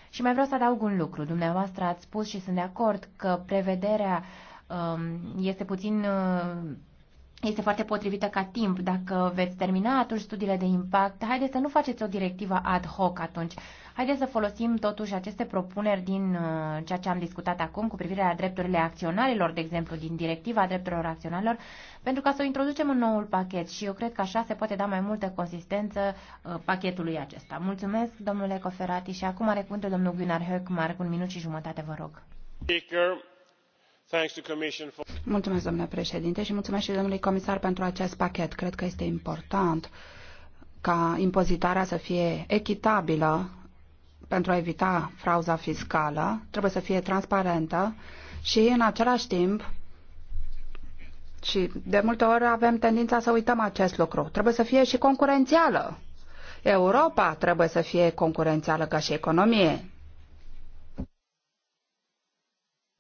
Și mai vreau să adaug un lucru. Dumneavoastră ați spus și sunt de acord că prevederea um, este puțin. Uh, este foarte potrivită ca timp. Dacă veți termina atunci studiile de impact, haideți să nu faceți o directivă ad hoc atunci. Haideți să folosim totuși aceste propuneri din uh, ceea ce am discutat acum cu privire la drepturile acționarilor, de exemplu, din directiva drepturilor acționarilor, pentru ca să o introducem în noul pachet și eu cred că așa se poate da mai multă consistență uh, pachetului acesta. Mulțumesc, domnule Coferati, și acum are cuvântul domnul Gunnar Höckmark, un minut și jumătate, vă rog. Mulțumesc, domnule președinte, și mulțumesc și domnului comisar pentru acest pachet. Cred că este important ca impozitarea să fie echitabilă pentru a evita frauza fiscală, trebuie să fie transparentă și în același timp și de multe ori avem tendința să uităm acest lucru. Trebuie să fie și concurențială. Europa trebuie să fie concurențială ca și economie.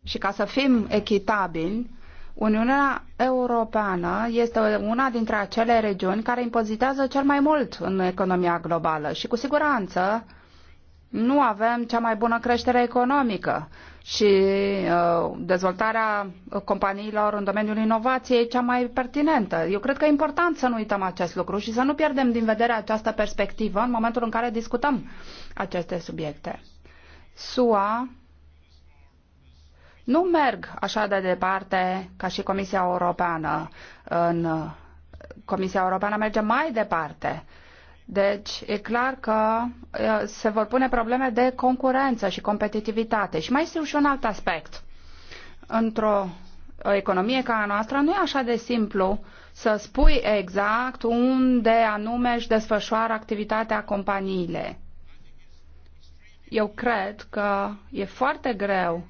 Și ca să fim echitabili, Uniunea Europeană este una dintre acele regiuni care impozitează cel mai mult în economia globală și cu siguranță nu avem cea mai bună creștere economică și uh, dezvoltarea companiilor în domeniul inovației cea mai pertinentă. Eu cred că e important să nu uităm acest lucru și să nu pierdem din vedere această perspectivă în momentul în care discutăm aceste subiecte. SUA nu merg așa de departe ca și Comisia Europeană. În Comisia Europeană merge mai departe deci e clar că se vor pune probleme de concurență și competitivitate. Și mai este și un alt aspect. Într-o economie ca a noastră nu e așa de simplu să spui exact unde anume își desfășoară activitatea companiile. Eu cred că e foarte greu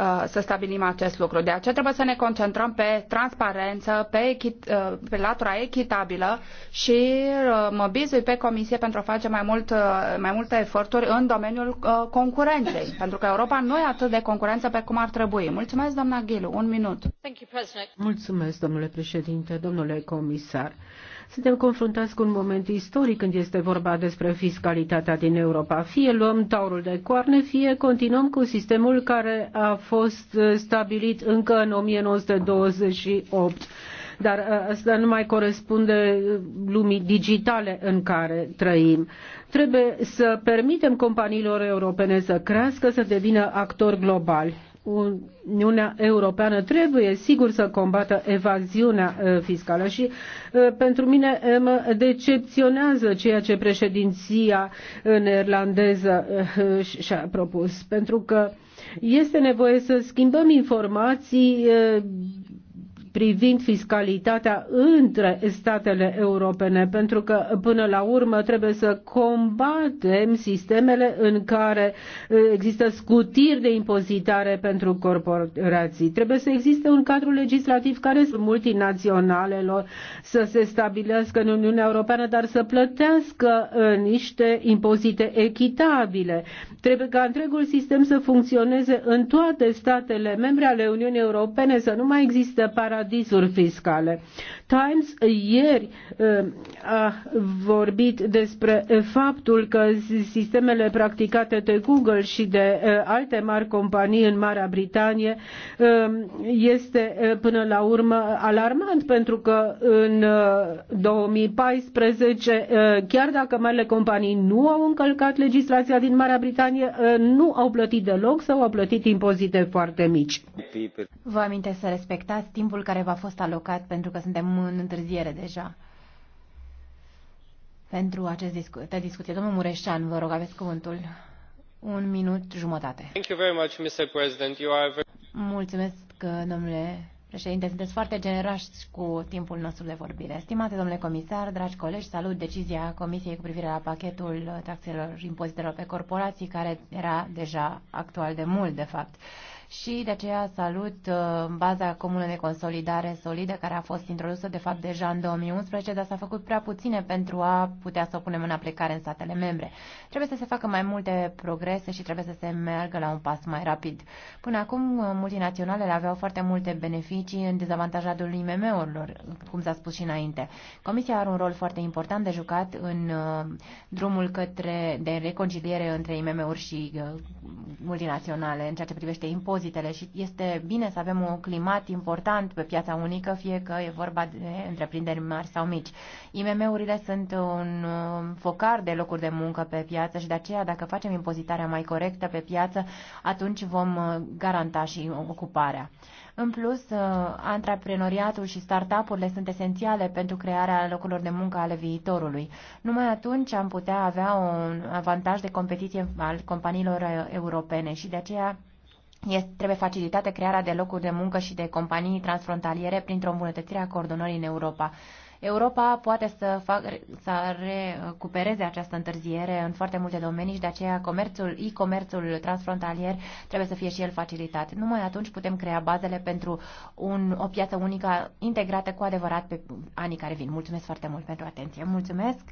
Uh, să stabilim acest lucru. De aceea trebuie să ne concentrăm pe transparență, pe, echi, uh, pe latura echitabilă și uh, mă bizui pe Comisie pentru a face mai, mult, mai multe eforturi în domeniul concurenței, pentru că Europa nu e atât de concurență pe cum ar trebui. Mulțumesc, doamna Ghilu. Un minut. Mulțumesc, domnule președinte, domnule comisar. Suntem confruntați cu un moment istoric când este vorba despre fiscalitatea din Europa. Fie luăm taurul de coarne, fie continuăm cu sistemul care a fost uh, stabilit încă în 1928 dar uh, asta nu mai corespunde uh, lumii digitale în care trăim. Trebuie să permitem companiilor europene să crească, să devină actori globali. Uniunea Europeană trebuie, sigur, să combată evaziunea uh, fiscală și uh, pentru mine uh, mă decepționează ceea ce președinția neerlandeză și-a propus, pentru că este nevoie să schimbăm informații privind fiscalitatea între statele europene, pentru că până la urmă trebuie să combatem sistemele în care există scutiri de impozitare pentru corporații. Trebuie să existe un cadru legislativ care multinaționalelor să se stabilească în Uniunea Europeană, dar să plătească niște impozite echitabile. Trebuie ca întregul sistem să funcționeze în toate statele membre ale Uniunii Europene, să nu mai există para paradisuri fiscale. Times ieri uh, a vorbit despre faptul că sistemele practicate de Google și de uh, alte mari companii în Marea Britanie um, este uh, până la urmă alarmant pentru că în 2014 chiar dacă marile companii nu au încălcat legislația din Marea Britanie nu au plătit deloc sau au plătit impozite foarte mici. Vă amintesc să respectați timpul care v-a fost alocat pentru că suntem în întârziere deja pentru acest discu- discuție. Domnul Mureșan, vă rog, aveți cuvântul. Un minut jumătate. Thank you very much, Mr. President. You are very... Mulțumesc, domnule președinte. Sunteți foarte generași cu timpul nostru de vorbire. Stimate domnule comisar, dragi colegi, salut decizia Comisiei cu privire la pachetul taxelor impozitelor pe corporații, care era deja actual de mult, de fapt și de aceea salut uh, baza comună de consolidare solidă care a fost introdusă de fapt deja în 2011, dar s-a făcut prea puține pentru a putea să o punem în aplicare în statele membre. Trebuie să se facă mai multe progrese și trebuie să se meargă la un pas mai rapid. Până acum, uh, multinaționalele aveau foarte multe beneficii în dezavantajul IMM-urilor, cum s-a spus și înainte. Comisia are un rol foarte important de jucat în uh, drumul către de reconciliere între IMM-uri și multinaționale în ceea ce privește impozitul impozitele și este bine să avem un climat important pe piața unică, fie că e vorba de întreprinderi mari sau mici. IMM-urile sunt un um, focar de locuri de muncă pe piață și de aceea dacă facem impozitarea mai corectă pe piață, atunci vom uh, garanta și ocuparea. În plus, uh, antreprenoriatul și startup-urile sunt esențiale pentru crearea locurilor de muncă ale viitorului. Numai atunci am putea avea un avantaj de competiție al companiilor uh, europene și de aceea este, trebuie facilitată crearea de locuri de muncă și de companii transfrontaliere printr-o îmbunătățire a coordonării în Europa. Europa poate să, fac, să recupereze această întârziere în foarte multe domenii și de aceea comerțul, e-comerțul transfrontalier trebuie să fie și el facilitat. Numai atunci putem crea bazele pentru un, o piață unică integrată cu adevărat pe anii care vin. Mulțumesc foarte mult pentru atenție. Mulțumesc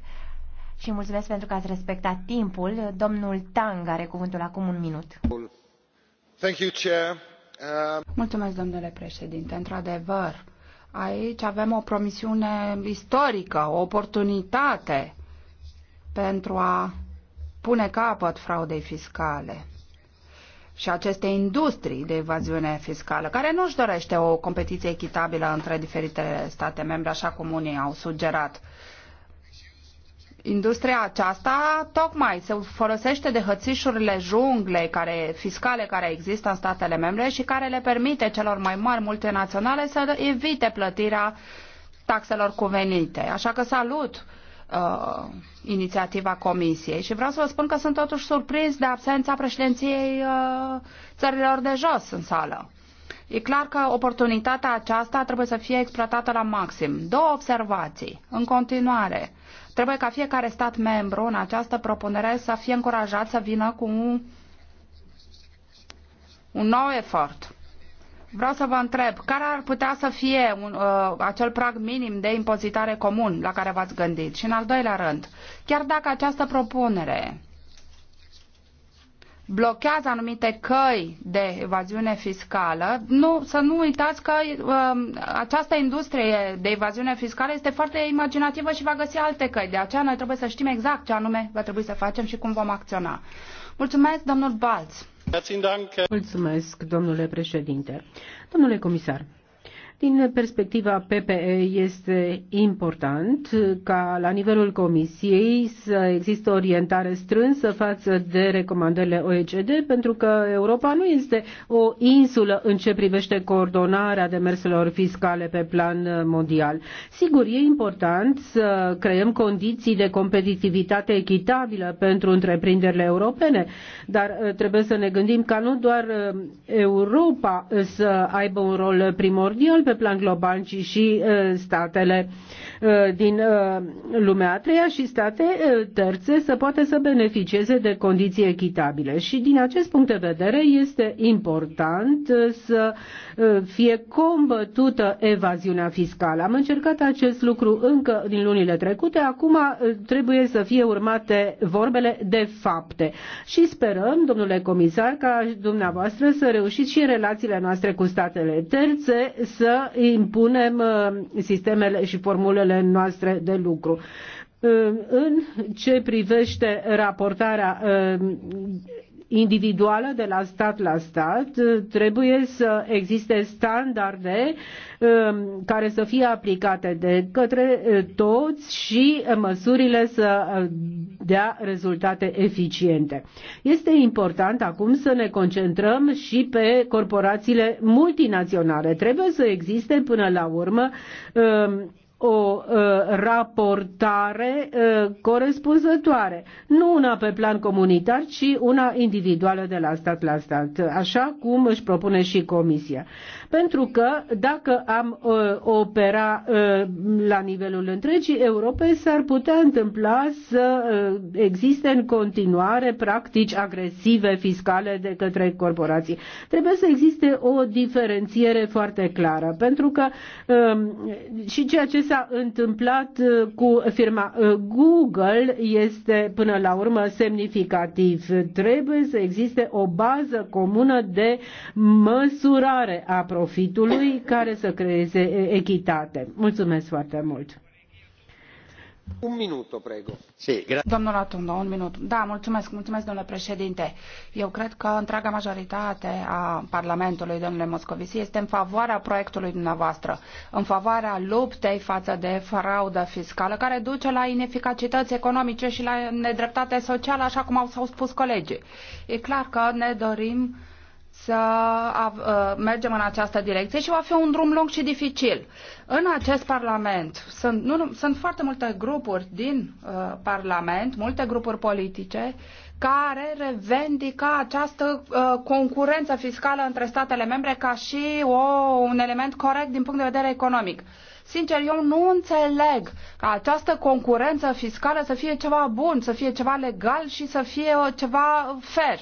și mulțumesc pentru că ați respectat timpul. Domnul Tang are cuvântul acum un minut. Bun. Mulțumesc, domnule președinte. Într-adevăr, aici avem o promisiune istorică, o oportunitate pentru a pune capăt fraudei fiscale și aceste industrii de evaziune fiscală, care nu își dorește o competiție echitabilă între diferitele state membre, așa cum unii au sugerat industria aceasta tocmai se folosește de hățișurile junglei care, fiscale care există în statele membre și care le permite celor mai mari multinaționale să evite plătirea taxelor cuvenite. Așa că salut uh, inițiativa Comisiei și vreau să vă spun că sunt totuși surprins de absența președinției uh, țărilor de jos în sală. E clar că oportunitatea aceasta trebuie să fie exploatată la maxim. Două observații. În continuare, Trebuie ca fiecare stat membru în această propunere să fie încurajat să vină cu un, un nou efort. Vreau să vă întreb, care ar putea să fie un, uh, acel prag minim de impozitare comun la care v-ați gândit? Și în al doilea rând, chiar dacă această propunere blochează anumite căi de evaziune fiscală, nu, să nu uitați că uh, această industrie de evaziune fiscală este foarte imaginativă și va găsi alte căi. De aceea noi trebuie să știm exact ce anume va trebui să facem și cum vom acționa. Mulțumesc, domnul Balț. Mulțumesc, domnule președinte. Domnule comisar, din perspectiva PPE este important ca la nivelul Comisiei să există orientare strânsă față de recomandările OECD pentru că Europa nu este o insulă în ce privește coordonarea demerselor fiscale pe plan mondial. Sigur, e important să creăm condiții de competitivitate echitabilă pentru întreprinderile europene, dar uh, trebuie să ne gândim ca nu doar uh, Europa să aibă un rol primordial pe plan global, ci și uh, statele Uh, din uh, lumea a treia și state uh, terțe să poată să beneficieze de condiții echitabile. Și din acest punct de vedere este important să fie combătută evaziunea fiscală. Am încercat acest lucru încă din lunile trecute, acum trebuie să fie urmate vorbele de fapte. Și sperăm, domnule comisar, ca dumneavoastră să reușiți și în relațiile noastre cu statele terțe să impunem sistemele și formulele metodele noastre de lucru. În ce privește raportarea um, individuală de la stat la stat, trebuie să existe standarde um, care să fie aplicate de către uh, toți și măsurile să dea rezultate eficiente. Este important acum să ne concentrăm și pe corporațiile multinaționale. Trebuie să existe până la urmă um, o uh, raportare uh, corespunzătoare, nu una pe plan comunitar, ci una individuală de la stat la stat, așa cum își propune și Comisia pentru că dacă am uh, opera uh, la nivelul întregii Europe, s-ar putea întâmpla să uh, existe în continuare practici agresive fiscale de către corporații. Trebuie să existe o diferențiere foarte clară, pentru că um, și ceea ce s-a întâmplat cu firma Google este până la urmă semnificativ. Trebuie să existe o bază comună de măsurare a profitului care să creeze echitate. Mulțumesc foarte mult! Un minut, Da, mulțumesc, mulțumesc, domnule președinte eu cred că întreaga majoritate a parlamentului domnule moscovici este în favoarea proiectului dumneavoastră în favoarea luptei față de fraudă fiscală care duce la ineficacități economice și la nedreptate socială așa cum s au spus colegii. e clar că ne dorim să uh, mergem în această direcție și va fi un drum lung și dificil. În acest Parlament sunt, nu, sunt foarte multe grupuri din uh, Parlament, multe grupuri politice, care revendică această uh, concurență fiscală între statele membre ca și o, un element corect din punct de vedere economic. Sincer, eu nu înțeleg ca această concurență fiscală să fie ceva bun, să fie ceva legal și să fie uh, ceva fair.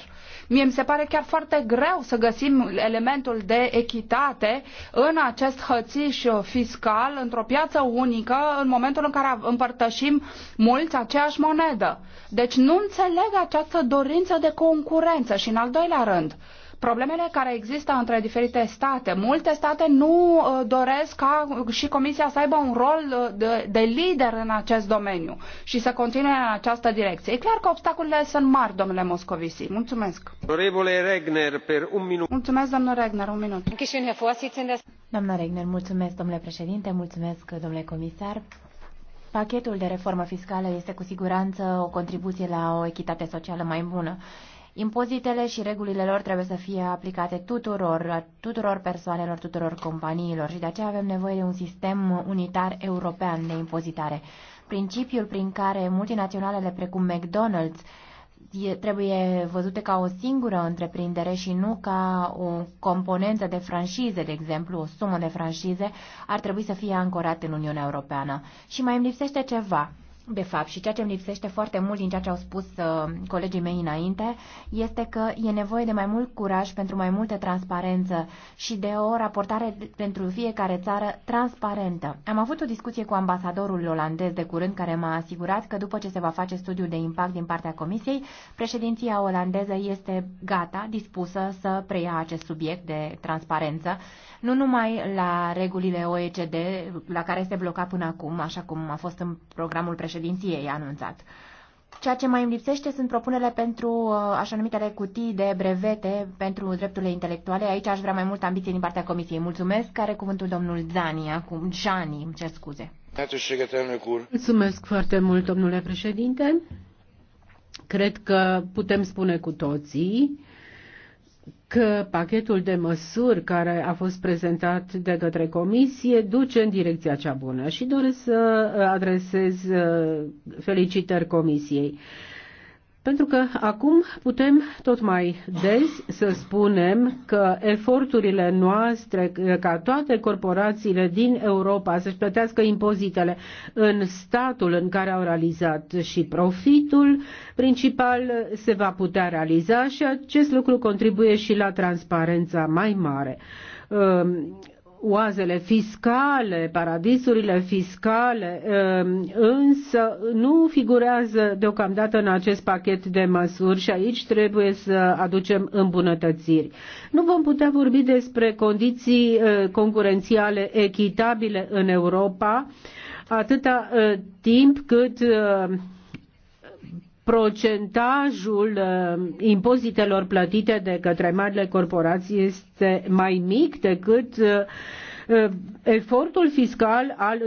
Mie mi se pare chiar foarte greu să găsim elementul de echitate în acest hățiș fiscal, într-o piață unică, în momentul în care împărtășim mulți aceeași monedă. Deci nu înțeleg această dorință de concurență și în al doilea rând problemele care există între diferite state. Multe state nu uh, doresc ca și Comisia să aibă un rol uh, de, de lider în acest domeniu și să continue în această direcție. E clar că obstacolele sunt mari, domnule Moscovici. Mulțumesc. Regner, per un minut. Mulțumesc, domnul Regner, un minut. Doamna Regner, mulțumesc, domnule președinte, mulțumesc, domnule comisar. Pachetul de reformă fiscală este cu siguranță o contribuție la o echitate socială mai bună. Impozitele și regulile lor trebuie să fie aplicate tuturor, tuturor persoanelor, tuturor companiilor și de aceea avem nevoie de un sistem unitar european de impozitare. Principiul prin care multinaționalele precum McDonald's trebuie văzute ca o singură întreprindere și nu ca o componentă de franșize, de exemplu, o sumă de franșize, ar trebui să fie ancorat în Uniunea Europeană. Și mai îmi lipsește ceva de fapt, și ceea ce îmi lipsește foarte mult din ceea ce au spus uh, colegii mei înainte, este că e nevoie de mai mult curaj pentru mai multă transparență și de o raportare pentru fiecare țară transparentă. Am avut o discuție cu ambasadorul olandez de curând care m-a asigurat că după ce se va face studiul de impact din partea Comisiei, președinția olandeză este gata, dispusă să preia acest subiect de transparență, nu numai la regulile OECD, la care este blocat până acum, așa cum a fost în programul președinției anunțat. Ceea ce mai îmi lipsește sunt propunerile pentru uh, așa numitele cutii de brevete pentru drepturile intelectuale. Aici aș vrea mai mult ambiție din partea Comisiei. Mulțumesc. Care cuvântul domnul Zani acum? Jani, îmi cer scuze. Mulțumesc foarte mult, domnule președinte. Cred că putem spune cu toții că pachetul de măsuri care a fost prezentat de către comisie duce în direcția cea bună și doresc să adresez uh, felicitări comisiei. Pentru că acum putem tot mai des să spunem că eforturile noastre ca toate corporațiile din Europa să-și plătească impozitele în statul în care au realizat și profitul principal se va putea realiza și acest lucru contribuie și la transparența mai mare ehm, oazele fiscale, paradisurile fiscale, ehm, însă nu figurează deocamdată în acest pachet de măsuri și aici trebuie să aducem îmbunătățiri. Nu vom putea vorbi despre condiții eh, concurențiale echitabile în Europa atâta eh, timp cât eh, procentajul uh, impozitelor plătite de către marile corporații este mai mic decât uh, uh, efortul fiscal al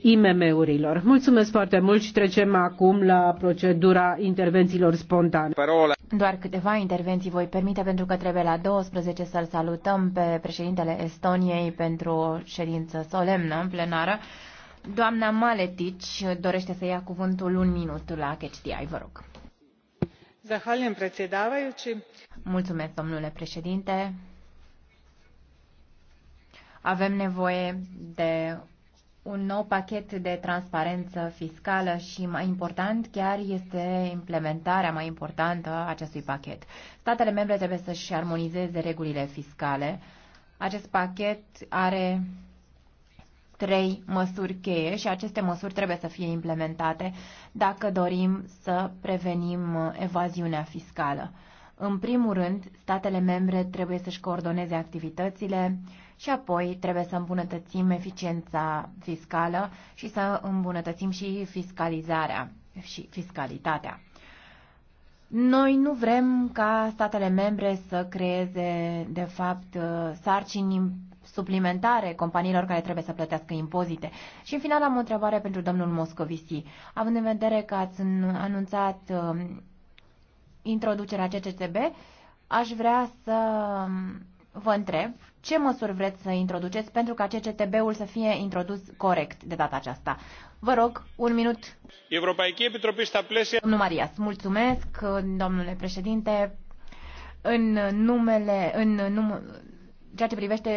IMM-urilor. Mulțumesc foarte mult și trecem acum la procedura intervențiilor spontane. Parola. Doar câteva intervenții voi permite pentru că trebuie la 12 să-l salutăm pe președintele Estoniei pentru o ședință solemnă în plenară. Doamna Maletic dorește să ia cuvântul un minut la HDI, vă rog. Mulțumesc, domnule președinte. Avem nevoie de un nou pachet de transparență fiscală și mai important chiar este implementarea mai importantă a acestui pachet. Statele membre trebuie să-și armonizeze regulile fiscale. Acest pachet are trei măsuri cheie și aceste măsuri trebuie să fie implementate dacă dorim să prevenim uh, evaziunea fiscală. În primul rând, statele membre trebuie să-și coordoneze activitățile și apoi trebuie să îmbunătățim eficiența fiscală și să îmbunătățim și fiscalizarea și fiscalitatea. Noi nu vrem ca statele membre să creeze, de fapt, uh, sarcini suplimentare companiilor care trebuie să plătească impozite. Și în final am o întrebare pentru domnul Moscovici. Având în vedere că ați anunțat um, introducerea CCTB, aș vrea să um, vă întreb ce măsuri vreți să introduceți pentru ca CCTB-ul să fie introdus corect de data aceasta. Vă rog, un minut. Domnul Marias, mulțumesc, domnule președinte. În numele, în num, ceea ce privește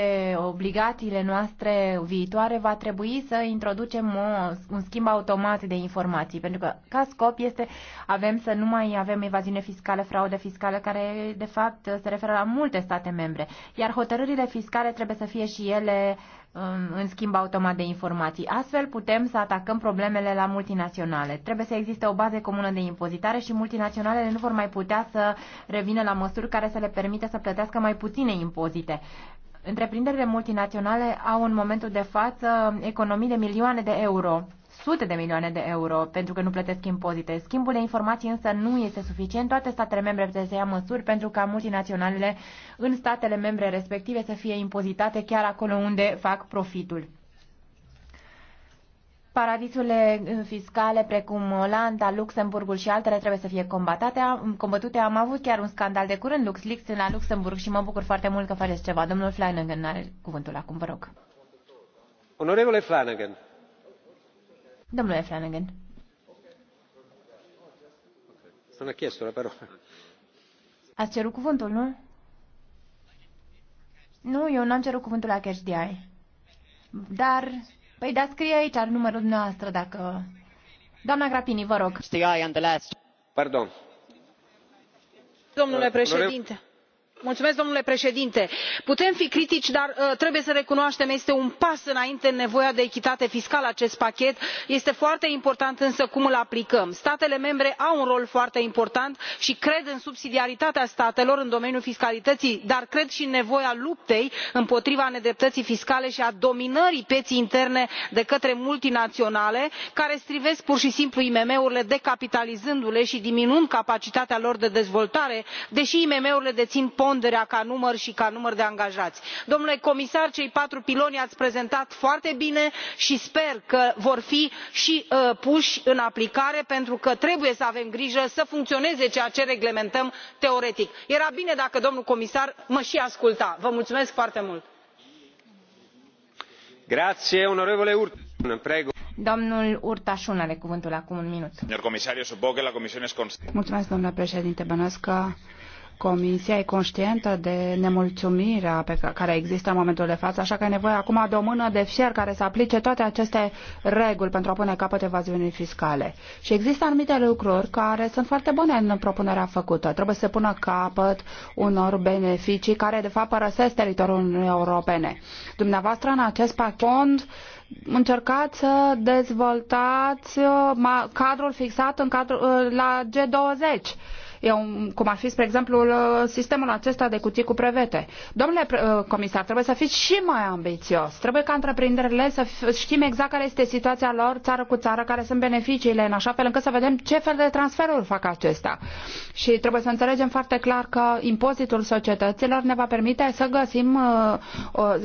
obligațiile noastre viitoare, va trebui să introducem o, un schimb automat de informații, pentru că ca scop este avem să nu mai avem evaziune fiscală, fraude fiscală, care de fapt se referă la multe state membre, iar hotărârile fiscale trebuie să fie și ele uh, Um, în schimb automat de informații. Astfel putem să atacăm problemele la multinaționale. Trebuie să existe o bază comună de impozitare și multinaționalele nu vor mai putea să revină la măsuri care să le permită să plătească mai puține impozite. Întreprinderile multinaționale au în momentul de față economii de milioane de euro sute de milioane de euro pentru că nu plătesc impozite. Schimbul de informații însă nu este suficient. Toate statele membre trebuie să ia măsuri pentru ca multinaționalele în statele membre respective să fie impozitate chiar acolo unde fac profitul. Paradisurile fiscale precum Olanda, Luxemburgul și altele trebuie să fie combatate, combătute. Am avut chiar un scandal de curând LuxLeaks la Luxemburg și mă bucur foarte mult că faceți ceva. Domnul Flanagan are cuvântul acum, vă rog. Onorevole Flanagan, Domnule Flanagan. parola. Ați cerut cuvântul, nu? Nu, eu n-am cerut cuvântul la cash DI. Dar, păi da, scrie aici ar numărul noastră, dacă... Doamna Grapini, vă rog. Pardon. Domnule președinte domnule președinte putem fi critici dar uh, trebuie să recunoaștem este un pas înainte în nevoia de echitate fiscală acest pachet este foarte important însă cum îl aplicăm. statele membre au un rol foarte important și cred în subsidiaritatea statelor în domeniul fiscalității dar cred și în nevoia luptei împotriva nedreptății fiscale și a dominării pieței interne de către multinaționale care strivesc pur și simplu imm urile decapitalizându le și diminuând capacitatea lor de dezvoltare deși imm urile dețin ponderi ponderea ca număr și ca număr de angajați. domnule comisar cei patru piloni i ați prezentat foarte bine și sper că vor fi și uh, puși în aplicare pentru că trebuie să avem grijă să funcționeze ceea ce reglementăm teoretic. era bine dacă domnul comisar mă și asculta. vă mulțumesc foarte mult. mulțumesc, domnule președinte bănuiesc că Comisia e conștientă de nemulțumirea pe care există în momentul de față, așa că e nevoie acum de o mână de fier care să aplice toate aceste reguli pentru a pune capăt evaziunii fiscale. Și există anumite lucruri care sunt foarte bune în propunerea făcută. Trebuie să se pună capăt unor beneficii care, de fapt, părăsesc teritoriul Uniunii Europene. Dumneavoastră, în acest pachet, încercați să dezvoltați uh, cadrul fixat în cadrul, uh, la G20 e cum ar fi, spre exemplu, sistemul acesta de cutii cu brevete. Domnule uh, comisar, trebuie să fiți și mai ambițios. Trebuie ca întreprinderile să știm exact care este situația lor, țară cu țară, care sunt beneficiile, în așa fel încât să vedem ce fel de transferuri fac acestea. Și trebuie să înțelegem foarte clar că impozitul societăților ne va permite să găsim, uh,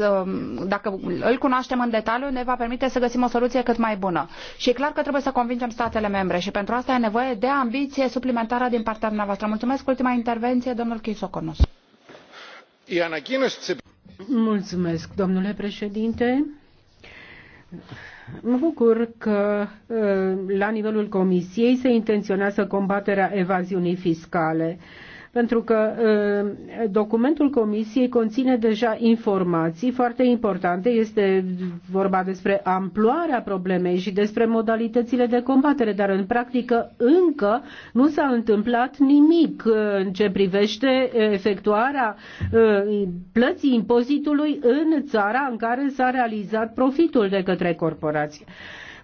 uh, dacă îl cunoaștem în detaliu, ne va permite să găsim o soluție cât mai bună. Și e clar că trebuie să convingem statele membre și pentru asta e nevoie de ambiție suplimentară din partea dumneavoastră. Mulțumesc. Ultima intervenție, domnul Chisoconos. Mulțumesc, domnule președinte. Mă bucur că ă, la nivelul Comisiei se intenționează combaterea evaziunii fiscale pentru că ă, documentul Comisiei conține deja informații foarte importante. Este vorba despre amploarea problemei și despre modalitățile de combatere, dar în practică încă nu s-a întâmplat nimic în ce privește efectuarea ă, plății impozitului în țara în care s-a realizat profitul de către corporație.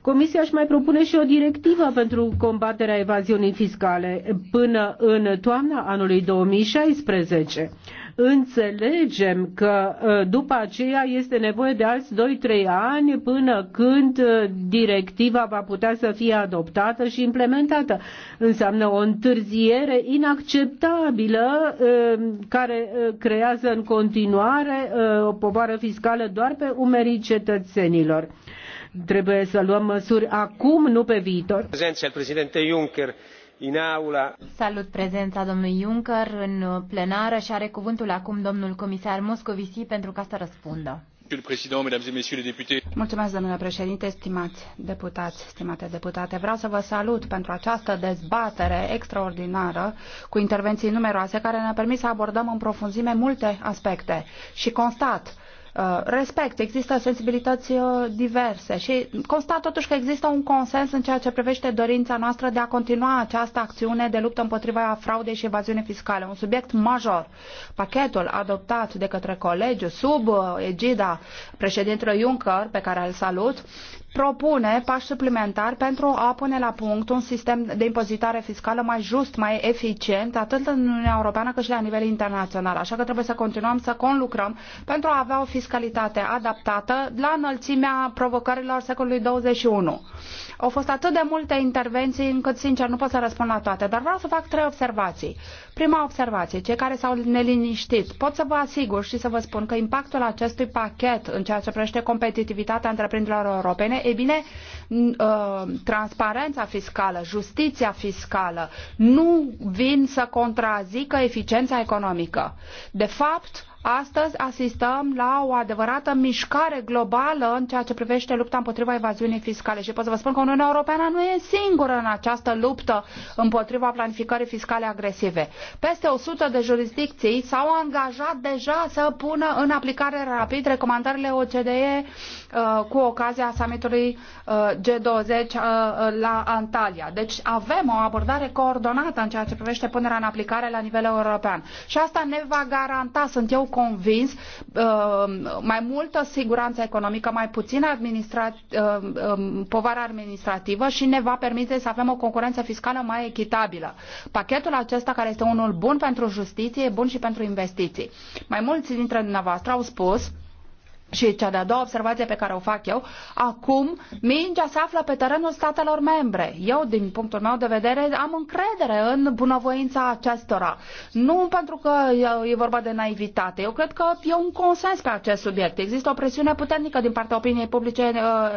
Comisia își mai propune și o directivă pentru combaterea evaziunii fiscale până în toamna anului 2016. Înțelegem că ă, după aceea este nevoie de alți 2-3 ani până când ă, directiva va putea să fie adoptată și implementată. Înseamnă o întârziere inacceptabilă ă, care creează în continuare o povară fiscală doar pe umerii cetățenilor. Trebuie să luăm măsuri acum, nu pe viitor. Prezența președinte Juncker în aula. Salut prezența domnului Juncker în plenară și are cuvântul acum domnul comisar Moscovici pentru ca să răspundă. Mulțumesc, domnule președinte, stimați deputați, stimate deputate. Vreau să vă salut pentru această dezbatere extraordinară cu intervenții numeroase care ne-a permis să abordăm în profunzime multe aspecte și constat Uh, respect. Există sensibilități uh, diverse și constat totuși că există un consens în ceea ce privește dorința noastră de a continua această acțiune de luptă împotriva fraudei și evaziunii fiscale, un subiect major. Pachetul adoptat de către colegiu sub uh, egida președintelui Juncker, pe care îl salut, propune pași suplimentari pentru a pune la punct un sistem de impozitare fiscală mai just, mai eficient, atât în Uniunea Europeană cât și la nivel internațional. Așa că trebuie să continuăm să conlucrăm pentru a avea o fiscalitate adaptată la înălțimea provocărilor secolului 21. Au fost atât de multe intervenții încât, sincer, nu pot să răspund la toate, dar vreau să fac trei observații. Prima observație, cei care s-au neliniștit, pot să vă asigur și să vă spun că impactul acestui pachet în ceea ce privește competitivitatea întreprinderilor europene, e bine, uh, transparența fiscală, justiția fiscală nu vin să contrazică eficiența economică. De fapt, Astăzi asistăm la o adevărată mișcare globală în ceea ce privește lupta împotriva evaziunii fiscale și pot să vă spun că Uniunea Europeană nu e singură în această luptă împotriva planificării fiscale agresive. Peste 100 de jurisdicții s-au angajat deja să pună în aplicare rapid recomandările OCDE Uh, cu ocazia summitului uh, G20 uh, la Antalya. Deci avem o abordare coordonată în ceea ce privește punerea în aplicare la nivel european. Și asta ne va garanta, sunt eu convins, mai multă siguranță economică, mai puțină administrat, um, povară administrativă și ne va permite să avem o concurență fiscală mai echitabilă. Pachetul acesta, care este unul bun pentru justiție, e bun și pentru investiții. Mai mulți dintre dumneavoastră au spus și cea de-a doua observație pe care o fac eu, acum mingea se află pe terenul statelor membre. Eu, din punctul meu de vedere, am încredere în bunăvoința acestora. Nu pentru că e vorba de naivitate. Eu cred că e un consens pe acest subiect. Există o presiune puternică din partea opiniei publice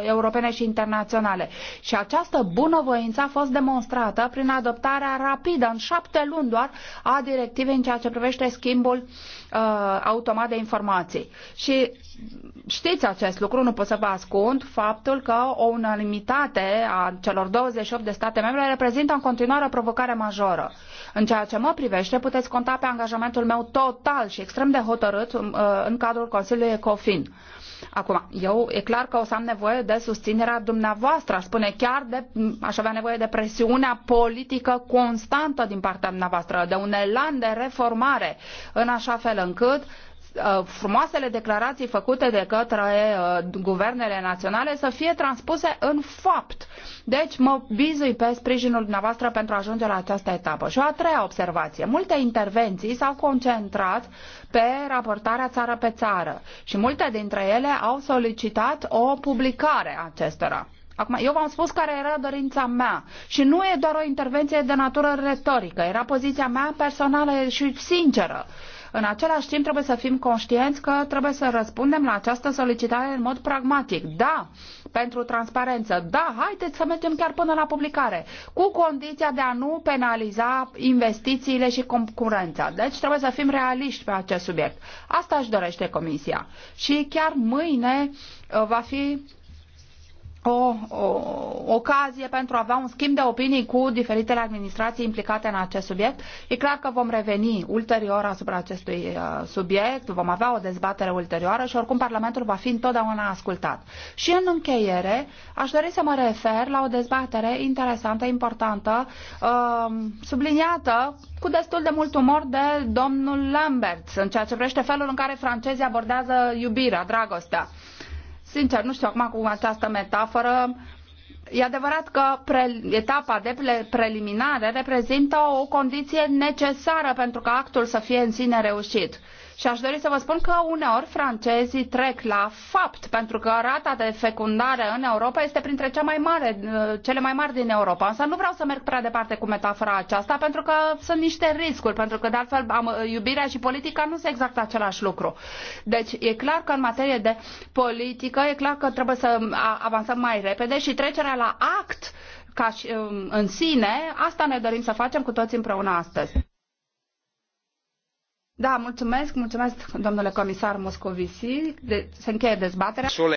europene și internaționale. Și această bunăvoință a fost demonstrată prin adoptarea rapidă, în șapte luni doar, a directivei în ceea ce privește schimbul uh, automat de informații. Și știți acest lucru, nu pot să vă ascund faptul că o unanimitate a celor 28 de state membre reprezintă în continuare o provocare majoră. În ceea ce mă privește, puteți conta pe angajamentul meu total și extrem de hotărât uh, în cadrul Consiliului ECOFIN. Acum, eu e clar că o să am nevoie de susținerea dumneavoastră, aș spune chiar de, aș avea nevoie de presiunea politică constantă din partea dumneavoastră, de un elan de reformare, în așa fel încât Uh, frumoasele declarații făcute de către uh, guvernele naționale să fie transpuse în fapt. Deci mă bizui pe sprijinul dumneavoastră pentru a ajunge la această etapă. Și o a treia observație. Multe intervenții s-au concentrat pe raportarea țară pe țară și multe dintre ele au solicitat o publicare a acestora. Acum, eu v-am spus care era dorința mea și nu e doar o intervenție de natură retorică, era poziția mea personală și sinceră. În același timp trebuie să fim conștienți că trebuie să răspundem la această solicitare în mod pragmatic. Da, pentru transparență. Da, haideți să mergem chiar până la publicare, cu condiția de a nu penaliza investițiile și concurența. Deci trebuie să fim realiști pe acest subiect. Asta își dorește Comisia. Și chiar mâine uh, va fi o, o ocazie pentru a avea un schimb de opinii cu diferitele administrații implicate în acest subiect. E clar că vom reveni ulterior asupra acestui uh, subiect, vom avea o dezbatere ulterioară și oricum Parlamentul va fi întotdeauna ascultat. Și în încheiere, aș dori să mă refer la o dezbatere interesantă, importantă, uh, subliniată cu destul de mult umor de domnul Lambert în ceea ce vrește felul în care francezii abordează iubirea, dragostea. Uh, Sincer, nu știu acum cu această metaforă, E adevărat că pre, etapa de pre, preliminare reprezintă o condiție necesară pentru ca actul să fie în sine reușit. Uh, și aș dori să vă spun că uneori francezii trec la fapt, pentru că rata de fecundare în Europa este printre cea mai mare, uh, cele mai mari din Europa. Însă nu vreau să merg prea departe cu metafora aceasta, pentru că sunt niște riscuri, pentru că de altfel uh, iubirea și politica nu sunt exact același lucru. Deci e clar că în materie de politică, e clar că trebuie să uh, avansăm mai repede și trecerea la act ca și, um, în sine, asta ne dorim să facem cu toți împreună astăzi. Da, mulțumesc, mulțumesc, domnule comisar Moscovici. De, se încheie dezbaterea.